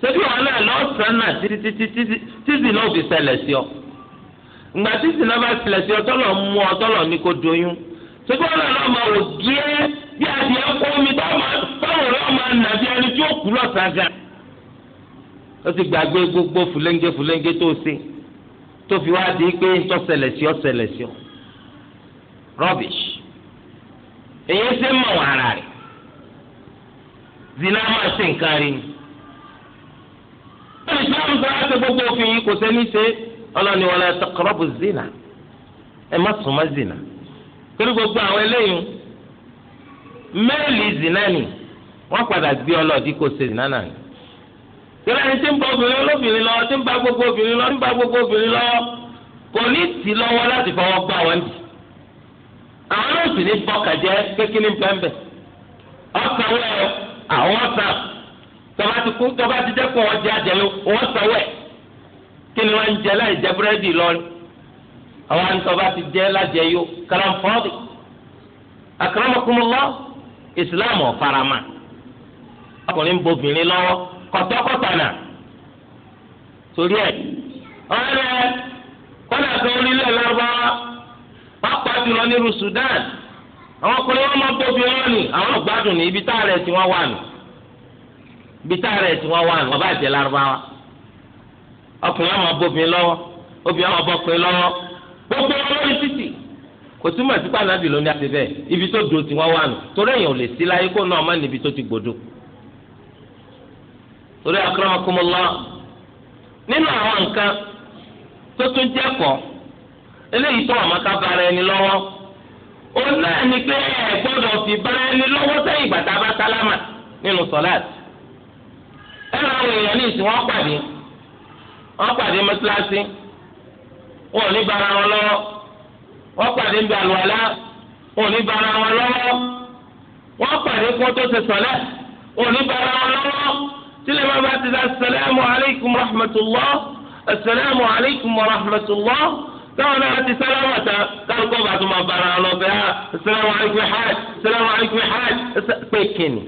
ṣebí wọn náà lọ́sàn-án náà títí títí títí títí náà fi ṣẹlẹ̀ sí ọ ìgbà títí náà bá ṣẹlẹ̀ sí ọ tọ́lọ̀ mú ọ tọ́lọ̀ ní kó doyún ṣùgbọ́n ọ̀rọ̀ náà máa wò díẹ̀ bí adìẹ omi báwo ọ̀rọ̀ máa nà bí ẹni tí ó kú ó gbàgbé gbogbo fúlẹ́ńgé fúlẹ́ńgé tó ṣe tó fi wá di pé ń tọ́ sí ọ́ sí ọ́ rubbish. èyí ṣe ń mọ̀ wọ́n ara rẹ̀ zina máa ṣe nǹkan rí ni. ìṣòro ń sọ láti gbogbo òfin kò sẹ́ni ṣe torí gbogbo àwọn eléyìí mẹ́ẹ̀lì zinani wọ́n padà gbé ọlọ́ọ̀dí kò ṣe zinana ni torí ẹni tí ń bọ obìnrin olóbìnrin lọ tí ń bá gbogbo obìnrin lọ tí ń bá gbogbo obìnrin lọ kò ní tì lọ́wọ́ láti fọwọ́ gbá wọn dì àwọn náà sì ní fọkàjẹ́ kékeré pẹ́ńpẹ́ ọ̀sán wẹ̀ àwọn ọ̀sán tọba ti kú tọba ti dẹ́kun ọjà jẹ ló wọ́n kí ni wọ́n ń jẹ láì jẹ búrẹ́dì lọ́rùn. àwọn àǹtọ̀ bá ti jẹ́ lájẹ yó kalam fọ́ọ̀dì akramakumullah ìsìláàmù ọ̀farama ọkùnrin ń lọ́wọ́ kọ̀tọ́kọ̀tànà torí ẹ̀ ọ̀rẹ́ kọ́nà kan orílẹ̀ lọ́wọ́ pápá jùlọ nílùú Sudan àwọn ọkùnrin wọn máa bobìnrin wọn ni àwọn ọ̀gbádùn ní ibi tá rẹ̀ tí wọ́n wà nù ibi rẹ̀ tí wọ́n wà nù ọba Lárúbáwá ọkùnrin wọn máa lọ́wọ́ obìnrin wọn máa gbogbo olórí títì kò túmọ̀ sí pé ànábì ló àti bẹ́ẹ̀ ibi tó do tiwọn wà nù torí èèyàn ò lè sí láyé kó náà má níbi tó ti gbòdo. torí akramakumullah nínú àwọn nǹkan tó tún jẹ́kọ̀ọ́ eléyìí tó àmọ́ ká bára ẹni lọ́wọ́ ó náà ní pé ẹ gbọ́dọ̀ fi ẹni lọ́wọ́ sẹ́yìn bá sálámà nínú èèyàn ní wọn ò ní bara wọn lọ́wọ́ wọ́n pàdé ń bẹ àlùwàlá wọn ò ní bara wọn lọ́wọ́ wọ́n pàdé kó tó ṣe sọ̀lẹ́ wọn ò ní bara wọn lọ́wọ́ tílẹ̀ bá bá ti sá assalamu alaykum rahmatullah assalamu alaykum rahmatullah táwọn náà ti sálámù àtà kálukọ́ bá tó máa bara wọn lọ́gbẹ́ ha ah, assalamu alaykum hajj assalamu alaykum hajj pé kíni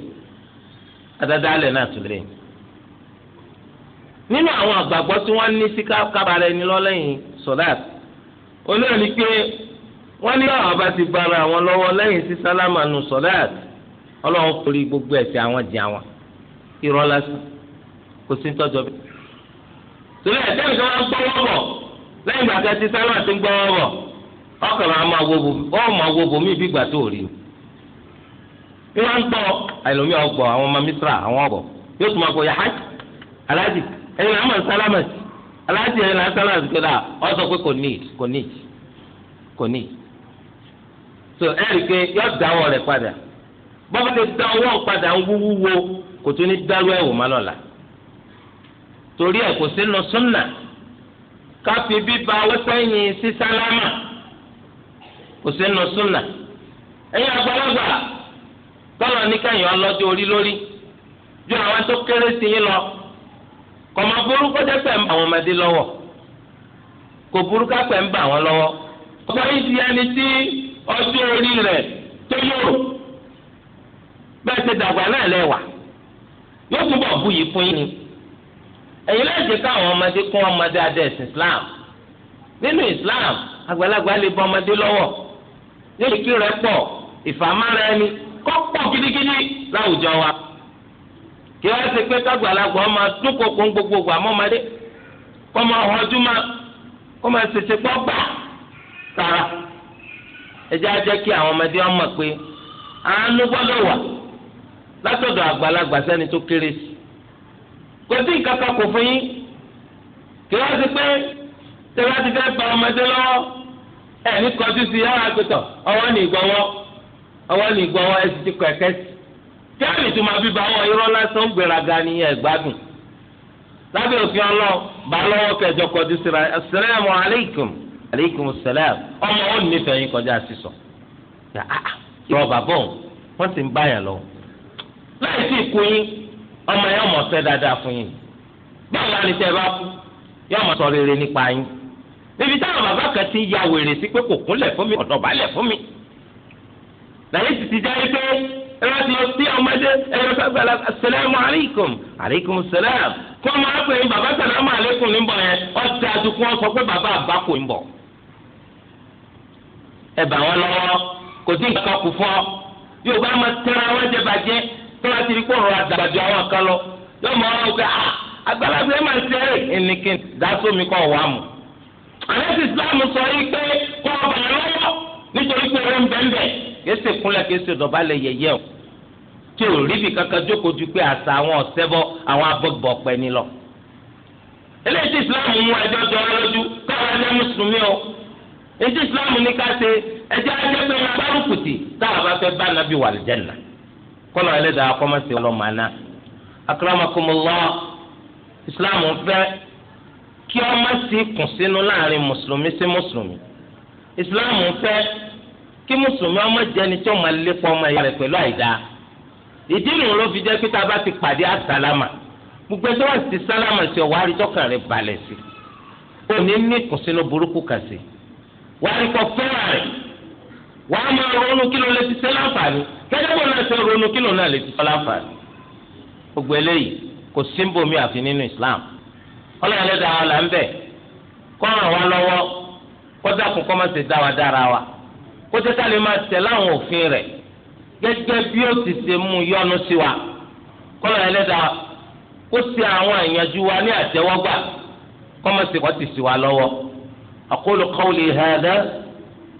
adada alẹ́ náà tún lé nínú àwọn àgbàgbọ́ tí wọ́n ní sí kábàárẹ̀ ni lọ́lẹ́yìn sọ̀láàt olóòní pé wọ́n ní ọ̀rọ̀ bá ti bára àwọn lọwọ lẹ́yìn sí sálámà nù gbogbo ẹ̀ṣẹ̀ àwọn jì àwọn irọ́ lásán kò sí tọ́jọ́ bí. torí ẹ̀ṣẹ̀ lẹ́yìn ìgbà ti sálámà ti ọkàn máa máa bò mí tó rí bí wọ́n ń aláàtì yẹn na náà ti kéde à ọ sọ pé kò ní so ẹ rí i pé yọ padà bọ́bá lè ọwọ́ padà ń wúwúwo kò tún ní dárú ẹ̀wò má lọ́la torí ẹ̀ kò sínú súnà ká fi bíba wọ́sẹ̀yìn sí sálámà súnà ẹ̀yin ju àwọn kọ̀mọ burúkú jẹ́ pẹ̀ ń bá àwọn ọmọdé lọ́wọ́ kò burúkú pẹ̀ ń bá àwọn lọ́wọ́ ọgbà yìí di ẹni tí ọjọ́ orí rẹ̀ tó yòrò bẹ́ẹ̀ ṣe dàgbà náà lẹ́wà yóò túbọ̀ bù yìí fún yín ẹ̀yin láti káwọn ọmọdé kún ọmọdé adé Islam nínú Islam àgbàlagbà lè bọ ọmọdé lọ́wọ́ yóò kí pọ̀ ẹni kọ́ pọ̀ gidigidi láwùjọ wa kí wọ́n ṣe pé kágbàlagbà ọmọ dúnkòkò ń gbogbogbò àmọ́mọdé kọ́ kí àwọn ọmọdé ọmọ pé àánú gbọ́dọ̀ wà látọ̀dọ̀ àgbàlagbà sẹ́ni tó kéré sí kò sí nǹkan kan kò fún yín kí wọ́n pé tẹ́lá ti fẹ́ pa ọmọdé lọ́wọ́ ẹ̀ ní kọjú sí yàrá ọwọ́ ní ọwọ́ ní ẹ̀ sì jáàmì tó máa fi bá wọn irọ́ lásán gbéraga ní ẹ̀gbádùn lábẹ́ òfin ọlọ́ọ̀ bá lọ́wọ́ kẹjọ kọjú síra asalaamu aleykum aleykum salaam ọmọ ó nífẹ̀ẹ́ yín kọjá sísọ yọ ah, ah, bàbá òun lọ láì sí ikú yín ọmọ yẹn ọmọ fẹ́ dáadáa fún yín báwo la tẹ́ ẹ bá kú ọmọ sọ rere ya wèrè sí pé kò kúnlẹ̀ fún mi ọ̀dọ̀ fún mi làyé ti pé ẹ bá ti lọ sí ọmọdé ẹ lọ sàgbàlá assalamu alaikum alaikum salam kó ọmọ bàbá sàlámù alaikum níbọ̀ yẹn ọtí àdúgbò wọn sọ pé bàbá àbákò ń bọ̀. ẹ bà wọn lọ́wọ́ kò sí nǹkan kù fún yóò bá máa tẹ́ra wọn jẹ bàjẹ́ tó bá ti rí àwọn kan lọ yóò mọ ọ pé ah, àgbàlagbà ẹ islam sọ yìí pé kọ́ ọ nítorí pé owó ń bẹ́ńbẹ́ kéésì kúnlẹ̀ kéésì dọ̀bálẹ̀ yẹ̀yẹ́ o tí ò rí bí kankan jókòó ju pé àṣà àwọn ọ̀sẹ́bọ àwọn abọ́gbọ̀ pẹ́ ni lọ. eléyìí tí islam mú ẹjọ́ jọ lójú káwọn ẹlẹ́ mùsùlùmí o èyí tí islam ní ká ṣe ẹjọ́ ajẹ́ pé wọn gbárùkù tì táwọn bá fẹ́ bá nàbí wà lẹ́nà kọ́nà ẹlẹ́dàá kọ́mọ́sí ọlọ́mọaná akramakumullah islam fẹ́ kí ọmọ sí kùn sínú láàrin mùsùlùmí sí mùsùlùmí islam fẹ́ kí mùsùlùmí ọmọ jẹni tí ọmọ lépa ọmọ ẹ̀yà rẹ̀ pẹ̀lú àìdá ìdí nù ló fi jẹ́ pé tá a bá ti pàdé àsálámà gbogbo ẹjọ́ wà sí sálámà sí ọ̀wá àríjọ́kàn rẹ̀ balẹ̀ sí i òní ní ìkùnsínú burúkú kà sí i wà á kọ fẹ́ràn rẹ̀ wà á máa ronú kí ló lè ti ṣe láǹfààní gẹ́gẹ́ bó náà ṣe ronú kí ló náà lè ti ṣe láǹfààní gbogbo eléyìí kò símbòmí àfi nínú Islam ọlọ́run ẹlẹ́dàá wa là ń bẹ̀ kọ́ ràn lọ́wọ́ kọjá kún kọ́ máa ṣe dá wa dára wa kó tẹ́ ká lè máa tẹ̀ láwọn òfin rẹ̀ gẹ́gẹ́ bí ó ti ṣe mú yọ́nú sí wa kọ́lọ̀ ẹlẹ́dàá kó ṣe àwọn àyànjú wa ní àtẹ́wọ́gbà kọ́ máa ṣe kọ́ ti sí wa lọ́wọ́. أقول قولي هذا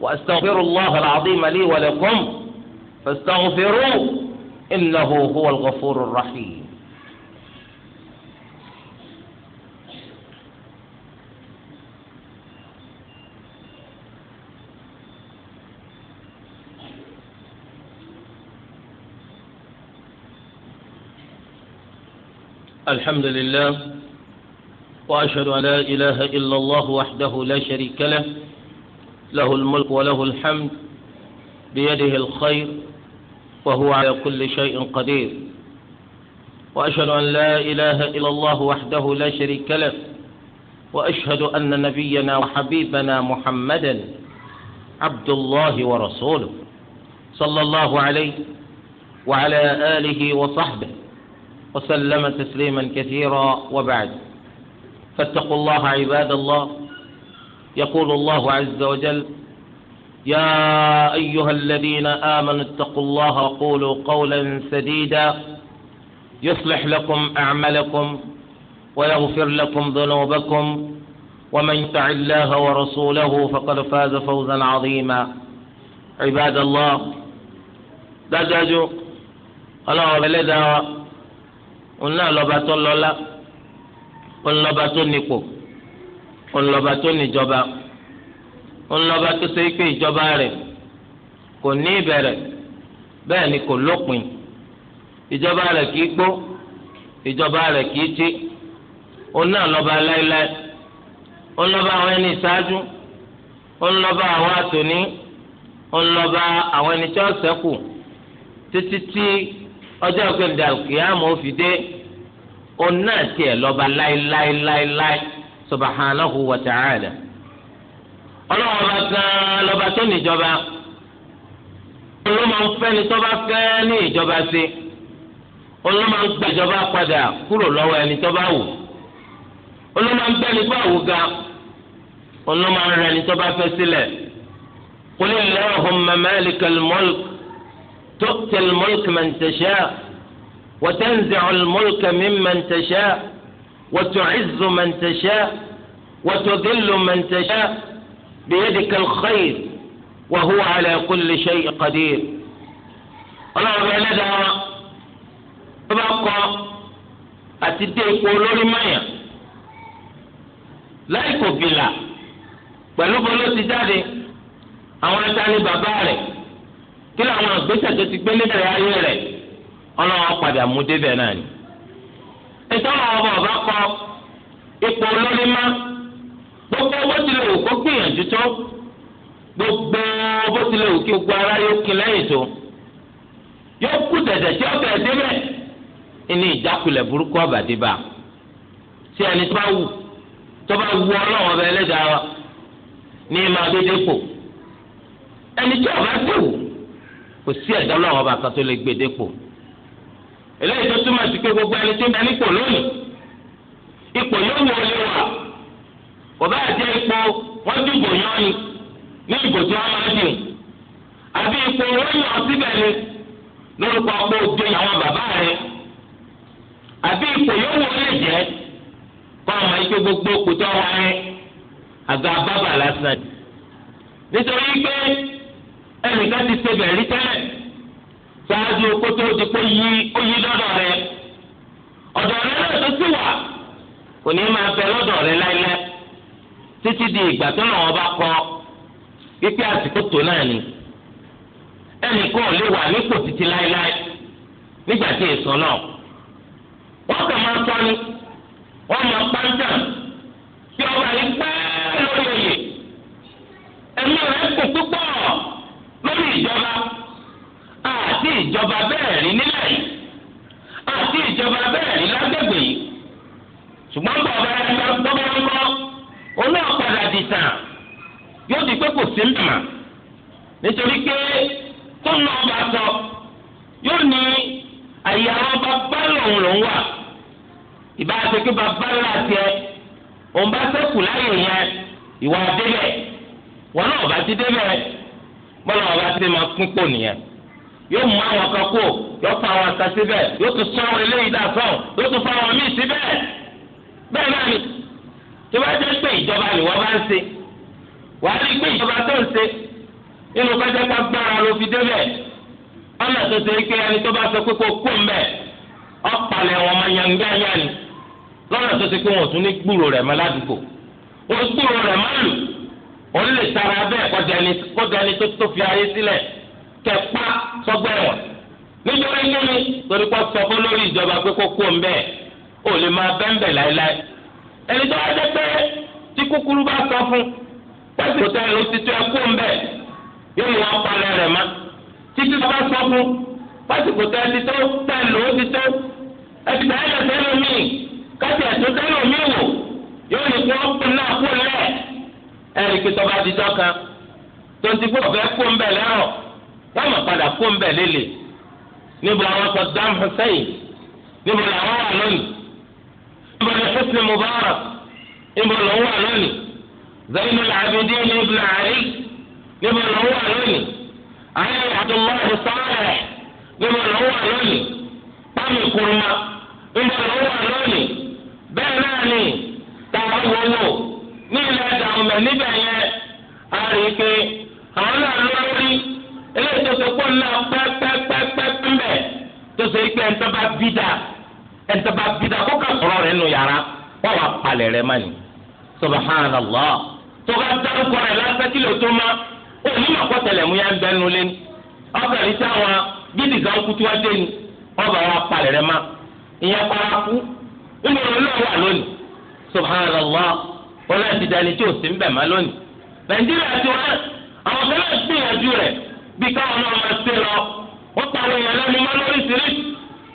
وأستغفر الله العظيم لي ولكم فاستغفروه إنه هو الغفور الرحيم الحمد لله وأشهد أن لا إله إلا الله وحده لا شريك له له الملك وله الحمد بيده الخير وهو على كل شيء قدير وأشهد أن لا إله إلا الله وحده لا شريك له وأشهد أن نبينا وحبيبنا محمدا عبد الله ورسوله صلى الله عليه وعلى آله وصحبه وسلم تسليما كثيرا وبعد فاتقوا الله عباد الله يقول الله عز وجل يا ايها الذين امنوا اتقوا الله وقولوا قولا سديدا يصلح لكم اعمالكم ويغفر لكم ذنوبكم ومن يطع الله ورسوله فقد فاز فوزا عظيما عباد الله دجاج الله ولدها òun náà lọ́ba tó lọ́lá òun lọ́ba tó nípò òun lọ́ba tó níjọba òun lọ́ba tó ṣe pé ìjọba rẹ̀ kò ní ìbẹ̀rẹ̀ bẹ́ẹ̀ ni kò lópin ìjọba rẹ̀ kì í gbó ìjọba rẹ̀ kì í tí òun náà lọ́ba láéláé òun lọ́ba àwọn ẹni ìṣáájú òun àwọn àtòní òun àwọn ẹni tí wọ́n ṣẹ́kù títí tí ọjọ́ ìpèndé àkìyàmọ́ òfìdé òun náà tiẹ̀ lọ́ba láéláéláéláé subahánàhù wa ta'ala ọlọ́wọ́ bá gan-an lọ́ba tó níjọba olóma ń fẹ́ ni tọ́ba fẹ́ ní ìjọba sí olóma ń gba ìjọba padà kúrò lọ́wọ́ ẹni tọ́ba wù olóma ń bẹ́ni tó àwù ga olóma ń rẹni tọ́ba fẹ́ sílẹ̀ qulillahumma malikal mulk. تؤتي الملك من تشاء وتنزع الملك ممن تشاء وتعز من تشاء وتذل من تشاء بيدك الخير وهو على كل شيء قدير الله ẹlẹ́dàá wa تبقى bá kọ لي مايا لا olórí mọ́yàn ولو kò تالي pẹ̀lú تالي ti kí làwọn àgbésẹ̀ tó ti gbé lébẹ̀rẹ̀ ayé rẹ̀ ọlọ́wọ́ padà mú débẹ̀ náà ni. ìtọ́nà ọba ọba kọ ipò olórí má gbogbo bó tilẹ̀ wù kó gbìyànjú tó gbogbo bó tilẹ̀ wù kí gbogbo ara yóò kí lẹ́yìn tó yóò kú tẹ̀tẹ̀ tí ọbẹ̀ débẹ̀ ìní ìjákulẹ̀ burúkú ọba débà tí ẹni tó bá wù tó bá wù ọlọ́wọ́ ọba ẹlẹ́dàá wa ní ìmọ̀ àgbédépò ẹni tí ọba tó wù. kò sí ẹ̀dá ọlọ́run ọba kan tó lè gbé dépò eléyìí tó túmọ̀ sí pé gbogbo ẹni tí ń bẹ nípò lónìí ipò yóò wa kò bá jẹ́ ipò wọ́n dìbò yán ni ní ìbò tí wọ́n máa dìbò àbí ipò wọ́n yàn síbẹ̀ ni lórúkọ pé òde àwọn bàbá rẹ̀ àbí ipò yóò wọ ilé jẹ́ kọ́ ọmọ ike gbogbo kòtò ọ̀hún bábà lásán nítorí pé. ẹnìkan ti ṣe bẹ̀rí tẹ́lẹ̀ ṣáájú kótó ti pé yí ó yí lọ́dọ̀ rẹ ọ̀dọ̀ rẹ náà tó sì wà kò ní máa bẹ lọ́dọ̀ rẹ láíláí títí di ìgbà tó lọ́wọ́ bá kọ pípẹ́ àsìkò tó náà ni ẹnìkan ò lè wà nípò títí láíláí nígbà tí èso náà wọ́n kàn máa tọ́ ni wọ́n máa pàǹtà tí ọba yìí pẹ́ lórí oyè ẹ̀mí rẹ. ìjọba bẹ́ẹ̀ rí nílẹ̀ yìí àti ìjọba bẹ́ẹ̀ rí lágbègbè yìí ṣùgbọ́n bàbá ẹgbẹ́ tọ́gbà ńkọ́ olóòpadà dìtà yóò di pé kò sí ń bìmà nítorí pé tó ń lọ ọba sọ yóò ní àyà ọba bá lòun lòun wà ìbá ṣe pé bàbá ńlá òun bá sẹ́kù láyè yẹn ìwà débẹ̀ wọn náà ọba ti débẹ̀ bọ́lá ọba ti máa pín pò nìyẹn yóò mú àwọn kan kó yóò fa àwọn kan síbẹ̀ yóò tún sọ àwọn eléyìí dà fún un yóò tún fa àwọn míì síbẹ̀ bẹ́ẹ̀ náà ni tó bá jẹ́ pé ìjọba ni wọ́n bá ń ṣe wàá rí i pé ìjọba tó ń ṣe nínú kájá ká gbára ló fi débẹ̀ ọ̀nà tó ṣe pé ẹni tó bá sọ pé kó kó ń ọ̀pàlẹ̀ wọn máa yan gbáyà ni lọ́nà tó ṣe pé wọn tún ní gbúrò rẹ̀ mọ́ ládùúgbò wọn gbúrò rẹ̀ mọ́ lù òun lè tara bẹ́ẹ̀ kọ́dẹni kẹpa sọgbẹ wọn nítorí nínú torí kọ sọ fún lórí ìjọba pé kó kú ọmọbẹ ò lè máa bẹ́ńbẹ̀ láéláé ẹni tó wá dé pé tí kúkúrú bá sọ fún pẹ́sì tó tẹ̀lé ti tó ẹ kú ọmọbẹ yóò mú wọn palẹ̀ rẹ̀ má títí tó bá sọ fún pẹ́sì tó tẹ̀lé ti tó tẹ̀lé ó ti tó ẹtì bẹ́ẹ̀ lọ sẹ́nu mi kẹ́tì ẹ̀tún sẹ́nu mi wò yóò ní kí wọ́n náà kú lẹ̀ ẹ̀rì kìtọ́ bá ti dọ́kan tó ti gbọ́ fẹ́ táwọn padà kó ń bẹ̀ lélẹ̀ níbo làwọn Saddam Hussein níbo làwọn wà lónìí níbo ni Hosni Mubarak níbo lòun wà lónìí Zainul Abidin Ibn Ali níbo lòun wà lónìí ayé Abdullahi Saleh níbo lòun wà lónìí Kwame Nkrumah níbo lòun wà lónìí bẹ́ẹ̀ náà ni tàbí wọ́wọ́ ní ilẹ̀ dàmẹ́ níbẹ̀ yẹn a rí i pé àwọn náà lóyún. eléyìí tó ṣe pọ̀ náà pẹ́pẹ́pẹ́pẹ́ mbẹ́ tó ṣe pé ẹ̀ ń tọ́ba bídà ẹ̀ ń tọ́ba bídà kó kà sọ̀rọ̀ rẹ̀ nù yàrá wọ́n wà palẹ̀ rẹ̀ na ni subhanallah tó bá ni ní táwọn bídì kan kú tí wọ́n dé ni wọ́n bá wà palẹ̀ rẹ̀ ìyẹn kọ́ra kú nínú bí káwọn náà máa ṣe lọ ó pa àwọn èèyàn lẹ́nu mọ́ lóríṣiríṣi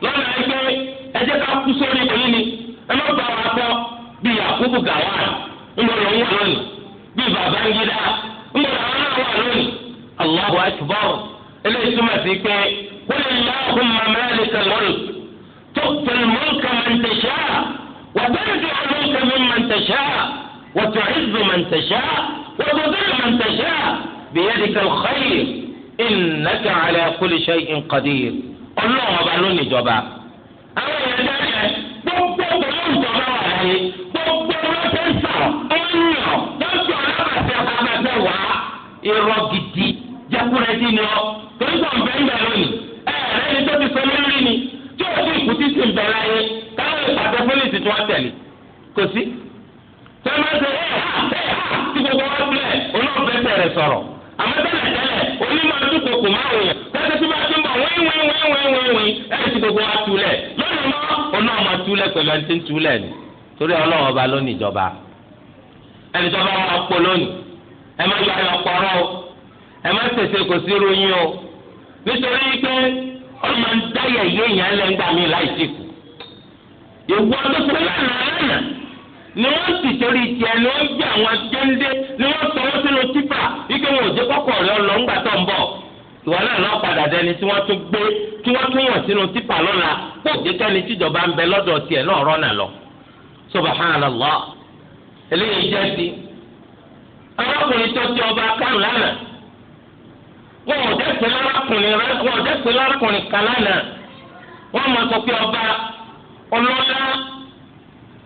lọ́nà ẹgbẹ́ ẹ jẹ́ ká kú sórí èyí ni ẹ má bá wa kọ́ bí Yakubu Gawal ńlọ lọ wà lónìí bí Babangida ńlọ lọ wà lónìí Allahu akbar eléyìí túmọ̀ sí pé qul Allahumma malikal mulk tu'til mulka man tasha' wa tanzi'ul mulka mimman tasha' wa tu'izzu man tasha' wa tudhillu man tasha' biyadika al-khayr. innaka ala kulli shay'in qadir ọlọ́run ọba ló níjọba. àwọn èèyàn dáná gbogbo pẹ̀lú ìjọba wà láyé gbogbo lọ́sẹ̀ sọ̀rọ̀ ọ̀nìyàn lọ́sọ̀ alábàṣẹ abàṣẹ wà á. gidi ni ọ torí ń tó ti sọ lórí ni tí o ti kùtì sí láyé káwọn ìpàdé pólísì tí kò sí. onye dúkokò márùn tẹ́tẹ́ tí bá ti ń bọ̀ wíwíwíwíwíwí ẹ̀rì tí gbogbo wa túlẹ̀ lónìí mọ́ ọ̀nà ọmọ túlẹ̀ pẹ̀lú ẹni tí ń túlẹ̀ ni torí ọlọ́wọ́ ọba lónìí ìjọba ẹni pọ̀ lónìí ẹ má yọ pọ̀rọ̀ o ẹ má tètè kò sí ronyìn o nítorí pé ọmọ ń dáyà yéèyàn lẹ́ńgbàmí ni wọ́n sì torí tiẹ̀ ni wọ́n gbé àwọn jẹ́ńdé ni wọ́n sọ wọ́n sínú tipa ike wọn ò rẹ tó ń náà padà dẹni tí wọ́n tún gbé tí tún sínú tipa kó tíjọba ń bẹ náà lọ. eléyìí sí arákùnrin tó ti ọba kánù lánàá wọn ò rẹ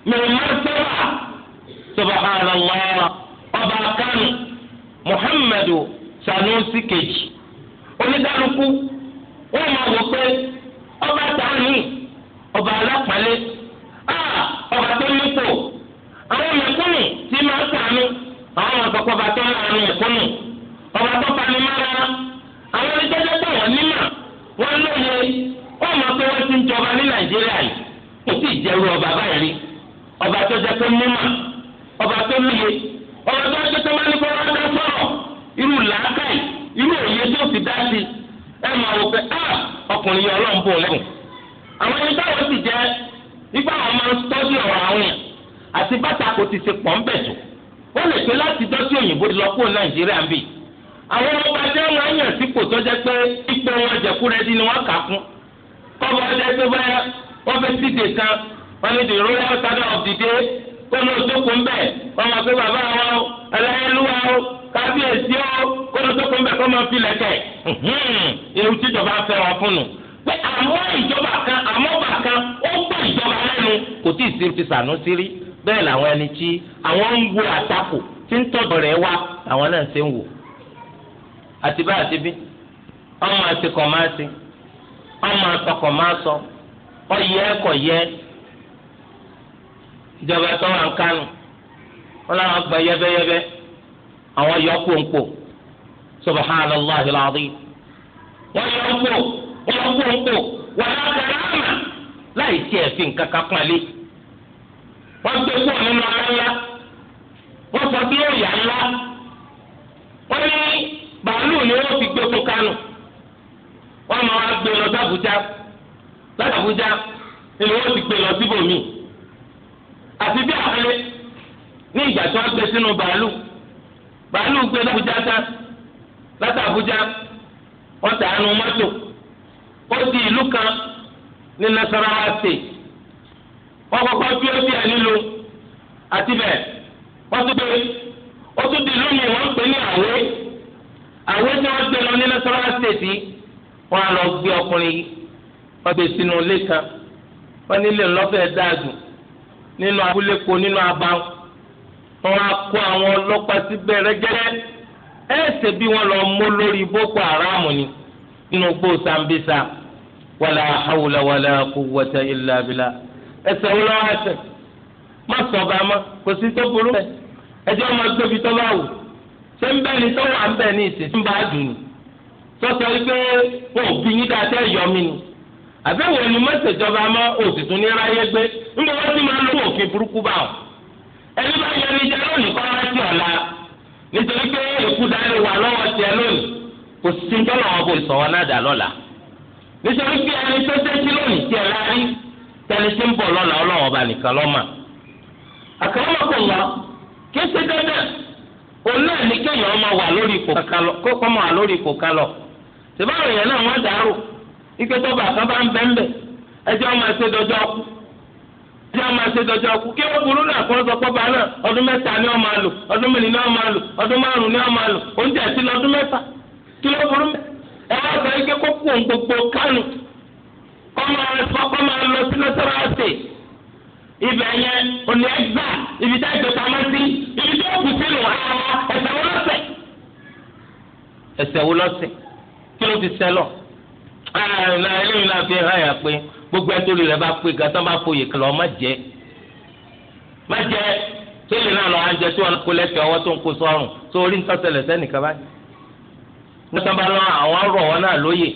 من مرتبة سبحان الله أبا كان محمد سانوسي كيجي onídàlùkù wọn máa wò ọba tani ọba alápàlẹ ọba tó nípò àwọn mẹ̀kúnnù tí máa sànù àwọn ọ̀sọ̀kọ̀ ọba tó láàánú mẹ̀kúnnù ọba tó fani mára àwọn onídàájọ́ tó wọ́n nímà wọ́n lóye ti ọba tó jẹ́ pé mímọ́ ọba tó níye ọba tó jẹ́ pé máa ní kó wọn dá sọ̀rọ̀ irú làákàyè irú òye tó ti dá sí ẹ máa wò pé á ah, ọkùnrin yẹn ọlọ́run bò lẹ́kùn. àwọn ẹni táwọn sì jẹ́ nípa àwọn máa ń tọ́jú ọ̀rọ̀ àwọn yẹn àti bàtà kò ti ṣe pọ̀ ń bẹ̀ tó ó lè pé láti dọ́jú òyìnbó lọ kó nàìjíríà ń bì àwọn ọba jẹ́ wọn yàn sípò tó jẹ́ pé ipò wọn jẹ̀kú rẹ̀ dín ni wọ́n kà fún kọ́bọ̀ wọ́n ní the royal standard of the day kó ló jókòó ń bẹ̀ wọ́n máa pé bàbá wa ó ẹlẹ́yẹlúwa ó kábíyèsí ó kó ló jókòó ń bẹ̀ kó máa fi lẹ̀kẹ̀ ewu tíjọba fẹ́ wọn fún nu pé àmọ́ ìjọba kan àmọ́ bà kan ó gbọ́ ìjọba lẹ́nu kò tí ì sí ti sànú sí rí bẹ́ẹ̀ làwọn ẹni tí àwọn ń wo àtakò tí ń tọ̀dọ̀ rẹ̀ wá làwọn náà ṣe ń wò àti bá àti bí ọmọ àti kọ̀ máa ṣe ọmọ àtọkọ̀ máa sọ ọyẹ ẹ̀kọ́ yẹ ìjọba tó wà ń kánú wọn làwọn gba yẹbẹyẹbẹ àwọn yọ kpọ̀nkpọ̀ subhanallahi alazim wọn yọ kpọ̀ wọn kpọ̀nkpọ̀ wọn yọ kpọ̀nkpọ̀ láì tiẹ̀ fi nǹkan kan pali wọn gbé kpọ̀ nínú ara ńlá wọn sọ pé ó yà ńlá wọn ní bàálù ni wọn fi gbé kó kánú wọn máa gbé lọ sí Àbújá láti Àbújá ni wọn gbé lọ síbòmíì. àti bí àpẹẹrẹ ní ìgbà tí wọ́n gbé sínú bàálù bàálù gbé lábújá tá látà àbújá wọ́n tàánú mọ́tò ó di ìlú kan ní Nasarawa state wọ́n kọ́kọ́ bí ó bí ẹ nílò àti bẹ́ẹ̀ wọ́n tún gbé ó tún di ìlú mi wọ́n pè ní àwé àwé tí wọ́n gbé lọ ní Nasarawa state yìí wọ́n lọ gbé ọkùnrin wọ́n gbé sínú ilé kan wọ́n nílé ńlọ́fẹ̀ẹ́ dáadùn nínú abúléko nínú aba wọn á kó àwọn ọlọ́pàá síbẹ̀ rẹ́gẹ́rẹ́ ẹ̀ ṣe bí wọ́n lọ mú lórí boko haram ni nínú gbó sambisa wàlà hawla wàlà quwwata illa billah ẹsẹ̀ wọn lọ́wọ́ ẹsẹ̀ má sọ̀bà má kò sí tó burú bẹ́ẹ̀ ẹjọ́ máa tóbi tó bá wù ṣé ń bẹ́ẹ̀ ni tó wà ń bẹ́ẹ̀ ní ìsìn tí ń bá dùn ni sọ́sọ́ wípé wọn ò bí yín dáadáa yọ mí ni àbẹ́wò ni mọ́sẹ̀jọba mọ́ òsì tún ní ráyé gbé ndị wọ́n ti máa ń lo òfin burúkú bá ẹni bá yẹ ní jẹ lónìí kọ́ wá sí ọ̀la nítorí pé èkú wà lọ́wọ́ lónìí kò sí ń tọ́lọ̀ wọn bó sọ wọn náà dà nítorí pé ẹni tó lónìí tẹni tí ń bọ̀ lọ́la ọlọ́wọ́ bá nìkan lọ́mà. kí ṣe òun náà ní kéèyàn wà lórí ipò lọ kó wà tí a máa ṣe dọjọ kú kí wọ́n burú náà kó sọ pé náà ọdún mẹ́ta ni wọ́n máa lò ọdún mẹ́rin ni wọ́n máa lò ọdún márùn-ún ni wọ́n máa lò oúnjẹ tí lọ mẹ́fà kí ló burú mẹ́ ẹ gbogbo kọ́ máa sọ kọ́ gbogbo ẹ tó lè rẹ bá pé gàtọ́ bá foyè kan lọ má jẹ má jẹ tó lè náà lọ àjẹ tí wọn kó lẹ́sẹ̀ ọwọ́ tó ń kó sọ́rùn tó orí nǹkan ṣẹlẹ̀ sẹ́nìkan báyìí nígbà bá lọ àwọn rọ̀ wọn náà lóye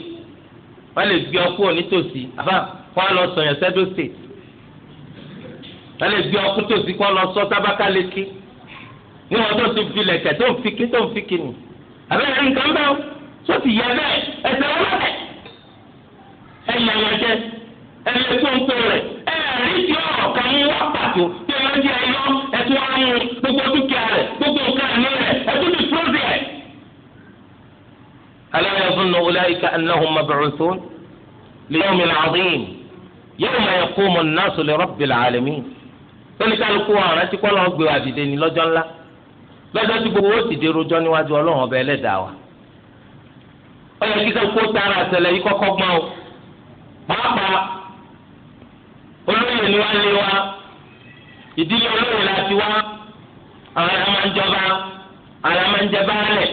wọn lè gbé ọkú onítòsí àbá kó lọ sọyàn sẹ́dọ̀ state wọn lè gbé ọkú tòsí kó lọ sọ sábàkà létí níwọ̀n tó ti fi lẹ̀kẹ̀ tó ń fi kí tó ń fi kí ni àbẹ́rẹ́ nǹkan bẹ́ẹ̀ sọ ti yẹ bẹ́ẹ̀ ẹsẹ̀ wọ́n bẹ́ẹ̀ ẹ̀ ẹni tó ń tó rẹ̀ ẹ rí ti ọ̀rọ̀ kan ní wá pàtó tó yẹ kí ẹ yọ ẹtú ọrùn gbogbo dúkìá rẹ̀ gbogbo nǹkan ìní rẹ̀ ẹtú ní fúlọ́ọ̀dì ẹ̀. ألا يظن أولئك أنهم مبعوثون ليوم عظيم يوم يقوم الناس لرب العالمين tóní kálukú wa ọ̀rántí kọ́ lọ́wọ́ gbé wa dìde ní lọ́jọ́ ńlá lọ́jọ́ tí gbogbo ó dìde rojọ́ níwájú ọlọ́run ọba ẹlẹ́dàá wa. ó kí kálukú tara àtẹlẹ kọ́kọ́ gbọ́n o pàápàá ni wá lé wa ìdílé olóyè la ti wá àwọn ará máa ń jọba ará máa ń jẹ báálẹ̀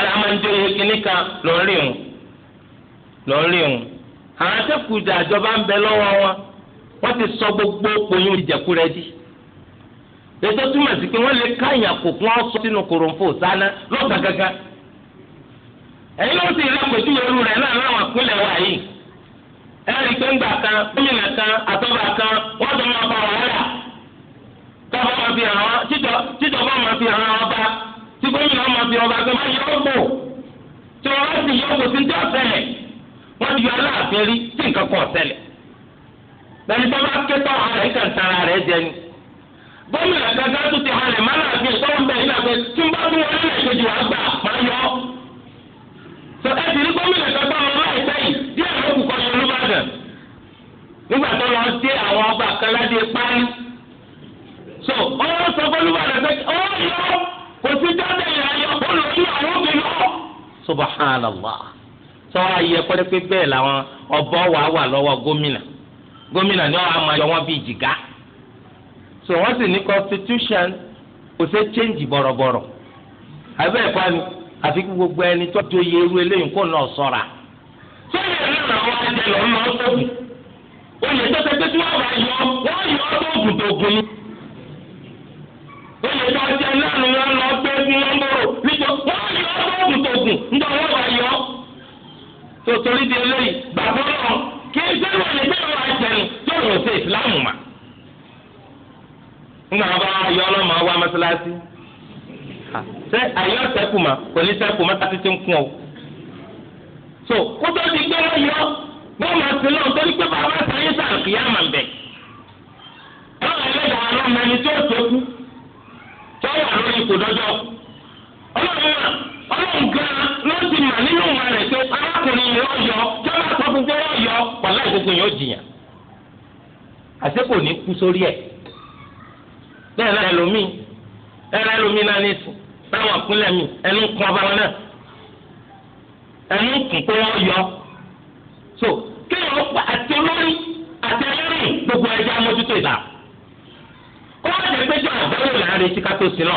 ará máa ń jẹ oyè kínní kan lọ rí òun lọ rí òun àwọn akẹ́kọ̀ọ́dà àjọba ń bẹ wọn ti sọ gbogbo oyún ìjẹ̀kú rẹ di ètò túmọ̀ sí pé wọ́n lè káyàn kò fún ọ́sọ́ sínú kòròǹfò sáná lọ́gàgàgà ẹ̀yin ló sì rí àpèjúwe rẹ̀ náà láwọn àpínlẹ̀ wa yìí ẹ̀rí pé ńgbà kan gómìnà kan àtọ́gbà kan wọ́n tó máa bá wàhálà tọ́wọ́ máa fi hàn wọ́n máa fi hàn wọ́n bá tí gómìnà máa fi hàn wọ́n bá tó máa yọ ọ́gbò si wọ́n sì yọ ọ́gbò sí ní ọ̀sẹ̀lẹ̀ wọ́n ti yọ aláàfin rí tí nǹkan kan ọ̀sẹ̀lẹ̀ tó bá ké tọ́ ara rẹ̀ kàn tara rẹ̀ jẹ ni gómìnà tó ti hàn rẹ̀ láàfin ìtọ́wọ́ bẹ́ẹ̀ nígbà tó lọ sí àwọn ọba kan láti parí so ọwọ́ sọ fọlúwà rẹ pé ó yọ kò sí dáadáa ìrìn kó lọ sí àwọn òbí lọ. subhanallah sọ ayẹ pẹ́ẹ́pẹ́ bẹ́ẹ̀ làwọn ọ̀bọ wà wà lọ́wọ́ gómìnà gómìnà ni ọ máa yọ wọ́n bíi jìgá so wọ́n sì ní constitution kò sí change bọ̀rọ̀bọ̀rọ̀ àfi gbogbo ẹni tó irú eléyìí kó náà olè tó ṣe pé tí wọ́n bá yọ wọ́n yọ ọ́ tó gùn tó gùn ni. olè tó ṣe lẹ́nu wọn lọ gbé fún wọn bọ̀rọ̀ nítorí wọ́n yọ ọ́ tó gùn tó gùn nígbà wọ́n bá yọ. tòtòrí di eléyìí bàbá náà kí n ṣe wọlé tó wà jẹun tó rò ṣe ìsìlámù mà. nígbà wọn bá yọ ọlọ́mọ wa mọ́ṣáláṣí. ṣé àyọ̀ sẹ́kù mà kò ní sẹ́kù mọ́ta títí ń kún ọ. so kótó ti gbé wọn yọ bọ́ọ̀mù àti náà torí pé àlùkìyàmà ń bẹ. báwo ẹlẹ́dàá ọlọ́mọ ẹni tó tó tó wà lórí kò dọ́jọ́ ọlọ́run náà ọlọ́run ti mà nínú ìwà rẹ̀ arákùnrin tó bá sọ fún pé yóò jìyàn ní kú sórí ẹ̀ bẹ́ẹ̀ náà ẹlòmíì ẹ̀rọ ẹlòmíì náà ní sùn táwọn gbogbo ẹjẹ amójútó ìlà kó wá jẹ pé jọ àbẹ̀wò láàrin tí ká tó sí lọ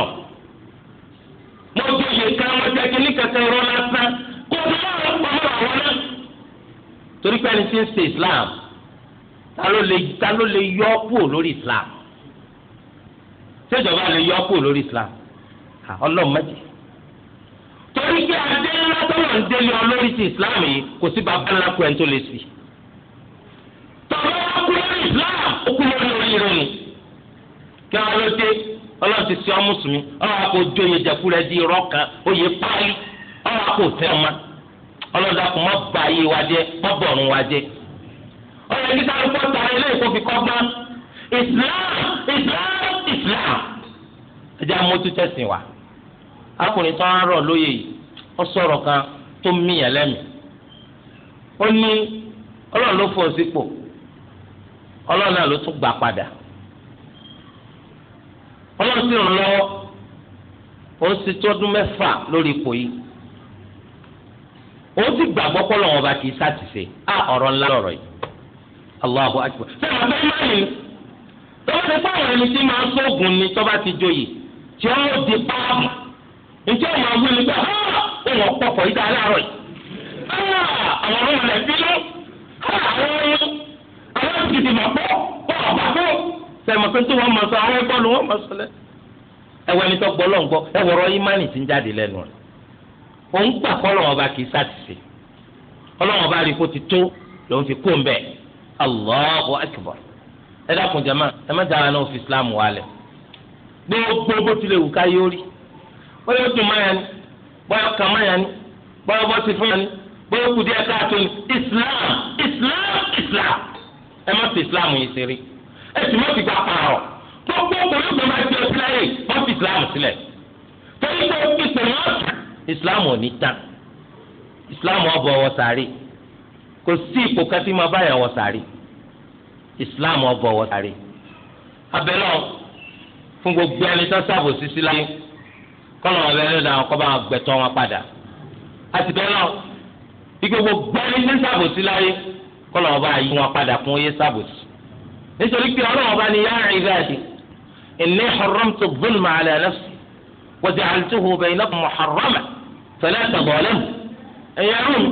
mo tó yẹ ká mo jẹ kí ní kankan irọ́ lásán kó tó bá wọn pọ̀ mọ́ àwọn náà torí pé ẹni tí ń ṣe Islam ta ló lè ta ló lè yọ ọ́ kúrò lórí Islam ṣèjọba lè yọ ọ́ kúrò lórí Islam ọlọ́run mẹ́jì torí pé adé ńlá tó lọ ń délé ọ lórí ti Islam yìí kò sí bàbá ńlá kú ẹni tó lè sí i. kí wọn ló dé ọlọ́run ti sọ mùsùlùmí ọlọ́run kò jó oyè jẹ̀kulẹ̀ di kan oyè páálí ọlọ́run kò tẹ́ ọmọ ọlọ́run dàkú mọ́ bá ayé wa Islam Islam Islam wa tó ń lóye yìí ó kan tó lẹ́mìí ó ní ọlọ́run ló ọlọ́run sì ràn lọ́wọ́ ó sì tọ́dún mẹ́fà lórí ipò yìí ó sì gbàgbọ́ pọ́ lọ́wọ́ bá kìí sàtìsẹ́ á ọ̀rọ̀ ńlá lọ́rọ̀ yìí Allahu akbar sẹ́wọ̀n bẹ́ẹ̀ náà ni tọ́wọ́ ti fáwọn ẹni tí máa ń ni tọ́ba ti joyè tí ó di páàmù njẹ́ ọmọ àwọn ẹni pé ah, ọ̀hún ọ̀pọ̀ pọ̀ ìdá aláàárọ̀ yìí ah, ah, àwọn ọmọ rẹ̀ bínú àwọn ọmọ àwọn sẹ́mi pé tí wọ́n mọ̀ sọ àwọn ẹgbọ́n ló wọ́n mọ̀ sọ lẹ́ ẹwọ ẹni tó gbọ́ lọ́n gbọ́ ẹwọ ọ̀rọ̀ ìmánì ti ń jáde lẹ́nu rẹ̀ òun gbà kọ́ lọ́wọ́ bá kì í sàtìsì ọlọ́wọ́ bá rí kó ti tó lòun fi kó ń bẹ̀ Allahu akbar ẹ dákun jama ẹ má dára náà fi Islam wà lẹ̀ gbogbo bó tilẹ̀ wù ká yóò rí bóyá ó dùn máyà ni bóyá ó kàn máyà ni bóyá ó bọ́ ti fún yà ni bóyá ó kù díẹ̀ káàtó ni Islam Islam Islam ẹ má fi Islam yìí ṣeré ẹ̀sùn mọ́ ti gba pààrọ̀ gbogbo obìnrin tó máa ti ọtí láyè wọ́n fi islam sílẹ̀ torí pé ó fi pẹ̀lú ọ̀tún islam ò ní tán islam ọ̀bọ̀ wọ sàárì kò sí ipò kẹtí máa báyà wọ sàárì islam ọ̀bọ̀ wọ sàárì abẹ́lẹ́ fún gbogbo ẹni tó sábò sísí láyé kọ́nà ọ̀bẹ ní ìdáhùn kọ́ bá wọn gbẹ̀tọ́ wọn padà àti bẹ́ẹ̀ náà bí gbogbo gbẹ́ni ní sábò sí láyé kọ́nà ọba yí wọn padà fún oyè sábò sí nítorí pé ọlọ́wọ́ bá ní yára ìbáàdì inni haramtu zulma ala nafsi wa ja'altuhu baynakum muharrama fala tadhalamu ẹ̀yẹ́rùn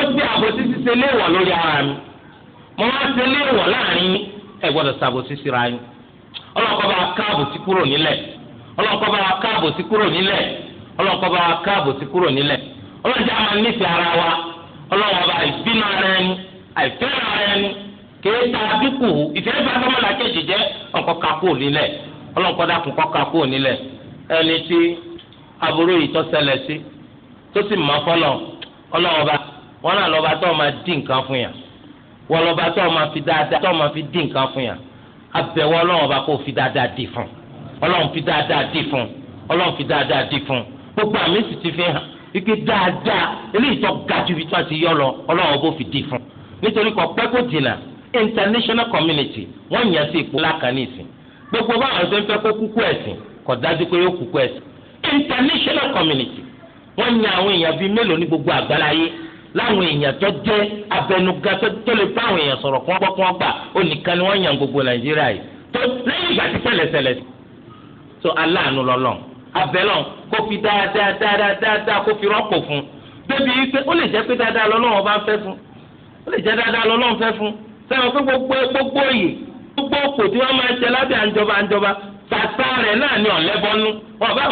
ó gbé àbòsí ṣiṣẹ́ léèwọ̀ lórí ara mi mo máa ṣe léèwọ̀ láàrin yín ẹ gbọ́dọ̀ ṣàbòsí síra yín ọlọ́kọ́ bá káàbò sí kúrò nílẹ̀ ọlọ́kọ́ bá káàbò sí kúrò nílẹ̀ ọlọ́kọ́ bá káàbò sí kúrò nílẹ̀ ọlọ́jà máa nífẹ̀ẹ́ ara wa ọlọ́wọ́ bá ìbínú ara ẹni àìfẹ́ràn ara ẹni kéé ta dínkù ìfẹ́ bá tọ́mọ làkejì jẹ́ ọkọ̀ kakú nílẹ̀ ọlọ́kọ̀ dàkún kọ́ kakú nílẹ̀ ẹni tí aburú yìí tọ́ ṣẹlẹ̀ sí tó sì mọ fọlọ́ ọlọ́ọba wọn náà lọ́ba tó máa dín nǹkan fún yà wọ́n lọ́ba tó máa fi dáadáa tó máa fi dín nǹkan fún yà abẹ́wọ́ ọlọ́ọba kò fi dáadáa dì fún ọlọ́run fi dáadáa dì fún ọlọ́run fi dáadáa dì fún gbogbo àmì sì ti fi hàn ike dáadáa eléyìí tó ga ju ibi tó ti yọ lọ ọlọ́run bó fi dì fún nítorí kọ pẹ́ kó jìnnà international community wọ́n yàn sí ipò lákàní ìsìn gbogbo báwọn ṣe ń kó kúkú ẹ̀sìn kò dájú pé yóò kúkú ẹ̀sìn international community wọ́n yan àwọn èèyàn bíi mélòó ní gbogbo àgbáláyé láwọn èèyàn tó jẹ́ abẹnugan tó lè bá àwọn èèyàn sọ̀rọ̀ kán gbọ́ kán gbà ó nìkan ni wọ́n yan gbogbo nàìjíríà yìí tó lẹ́yìn ìgbà tí tẹ̀lẹ̀tẹ̀lẹ̀ tó aláàánú lọ́lọ́n abẹ́lọ́n kó fi dáadáa dáadáa dáadáa kó fi rọ́pò fún débi wípé ó lè jẹ́ pé dáadáa lọ́lọ́run bá fẹ́ fún ó lè jẹ́ dáadáa lọ́lọ́run fẹ́ fún sẹ́wọ̀n gbogbo gbogbo yìí gbogbo òkò tí wọ́n máa jẹ lábẹ́ tàtà rẹ̀ náà ni ọ̀lẹ́bọ́nú wọn bá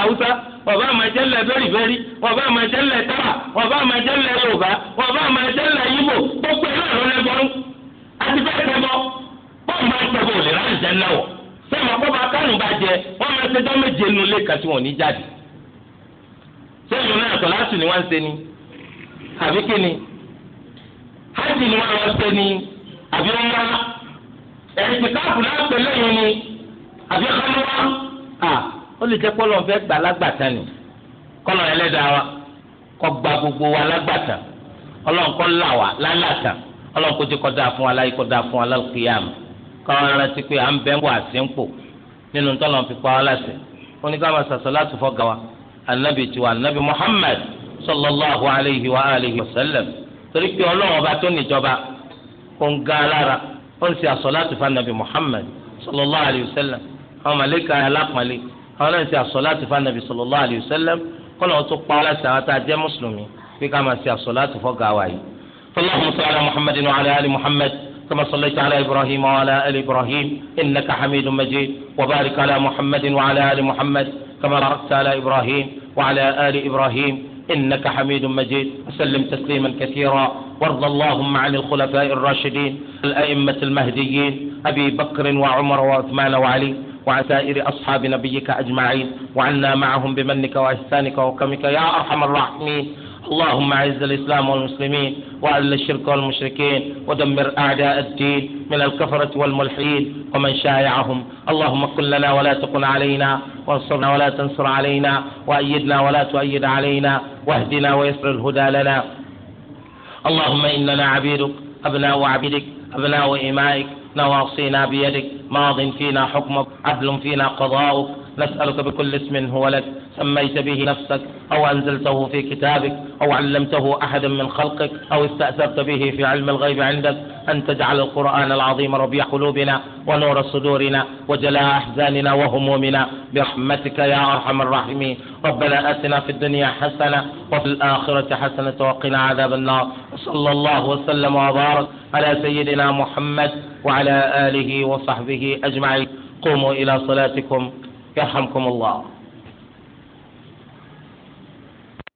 haúsá wọn bá bẹ́rìbẹ́rì ọba bá tábà wọn bá yorùbá yíbò gbogbo náà ló lẹ́bọ́nú àti bẹ́ẹ̀ tẹ́ bọ́ bọ́ọ̀ máa òlè jẹ́ náà wọ̀ sẹ́wọ̀n kó bá kánù bá jẹ wọ́n sọ àbí ọmọ ẹ̀ẹ́dì káàpù náà pẹ̀lú ẹ̀yìn ni àbí ọmọ à ó lè jẹ́ kọ́lọ̀ fẹ́ gbà lágbàtà ni kọ́lọ̀ ẹlẹ́dàá wa kọ́ gba gbogbo wa lágbàtà ọlọ́run là wá lálàtà ọlọ́run kó jẹ́ fún wa láyé fún wa pé à ń bẹ́ ń wà sí ń pò nínú tọ́lọ̀ fi pa wá láṣẹ ká wa alayhi wa alayhi wa sallam torí pé ọlọ́run ó ń ga alára ó ń ṣe àsọ̀láàtì fún anabi muhammed sallallahu alayhi wa sallam àwọn màlẹ́kà alápàlẹ́ àwọn náà ń ṣe àsọ̀láàtì fún anabi sallallahu alayhi wa sallam kọ́nà ó tó pa ọ́ láti àwọn tá a jẹ́ mùsùlùmí pé ká máa ṣe àsọ̀láàtì fọ́ gàwa yìí. اللهم صل على محمد وعلى ال محمد كما صليت على ابراهيم وعلى ال ابراهيم انك حميد مجيد وبارك على محمد وعلى ال محمد كما باركت على ابراهيم وعلى ال ابراهيم إنك حميد مجيد وسلم تسليما كثيرا وارض اللهم عن الخلفاء الراشدين الأئمة المهديين أبي بكر وعمر وعثمان وعلي وعن سائر أصحاب نبيك أجمعين وعنا معهم بمنك وإحسانك وكرمك يا أرحم الراحمين اللهم أعز الإسلام والمسلمين وأذل الشرك والمشركين ودمر أعداء الدين من الكفرة والملحدين ومن شايعهم اللهم كن لنا ولا تكن علينا وانصرنا ولا تنصر علينا وأيدنا ولا تؤيد علينا واهدنا ويسر الهدى لنا اللهم إننا عبيدك أبناء عبيدك أبناء إمائك نواصينا بيدك ماض فينا حكمك عدل فينا قضاؤك نسألك بكل اسم هو لك سميت به نفسك أو أنزلته في كتابك أو علمته أحدا من خلقك أو استأثرت به في علم الغيب عندك أن تجعل القرآن العظيم ربيع قلوبنا ونور صدورنا وجلاء أحزاننا وهمومنا برحمتك يا أرحم الراحمين ربنا آتنا في الدنيا حسنة وفي الآخرة حسنة وقنا عذاب النار صلى الله وسلم وبارك على سيدنا محمد وعلى آله وصحبه أجمعين قوموا إلى صلاتكم يرحمكم الله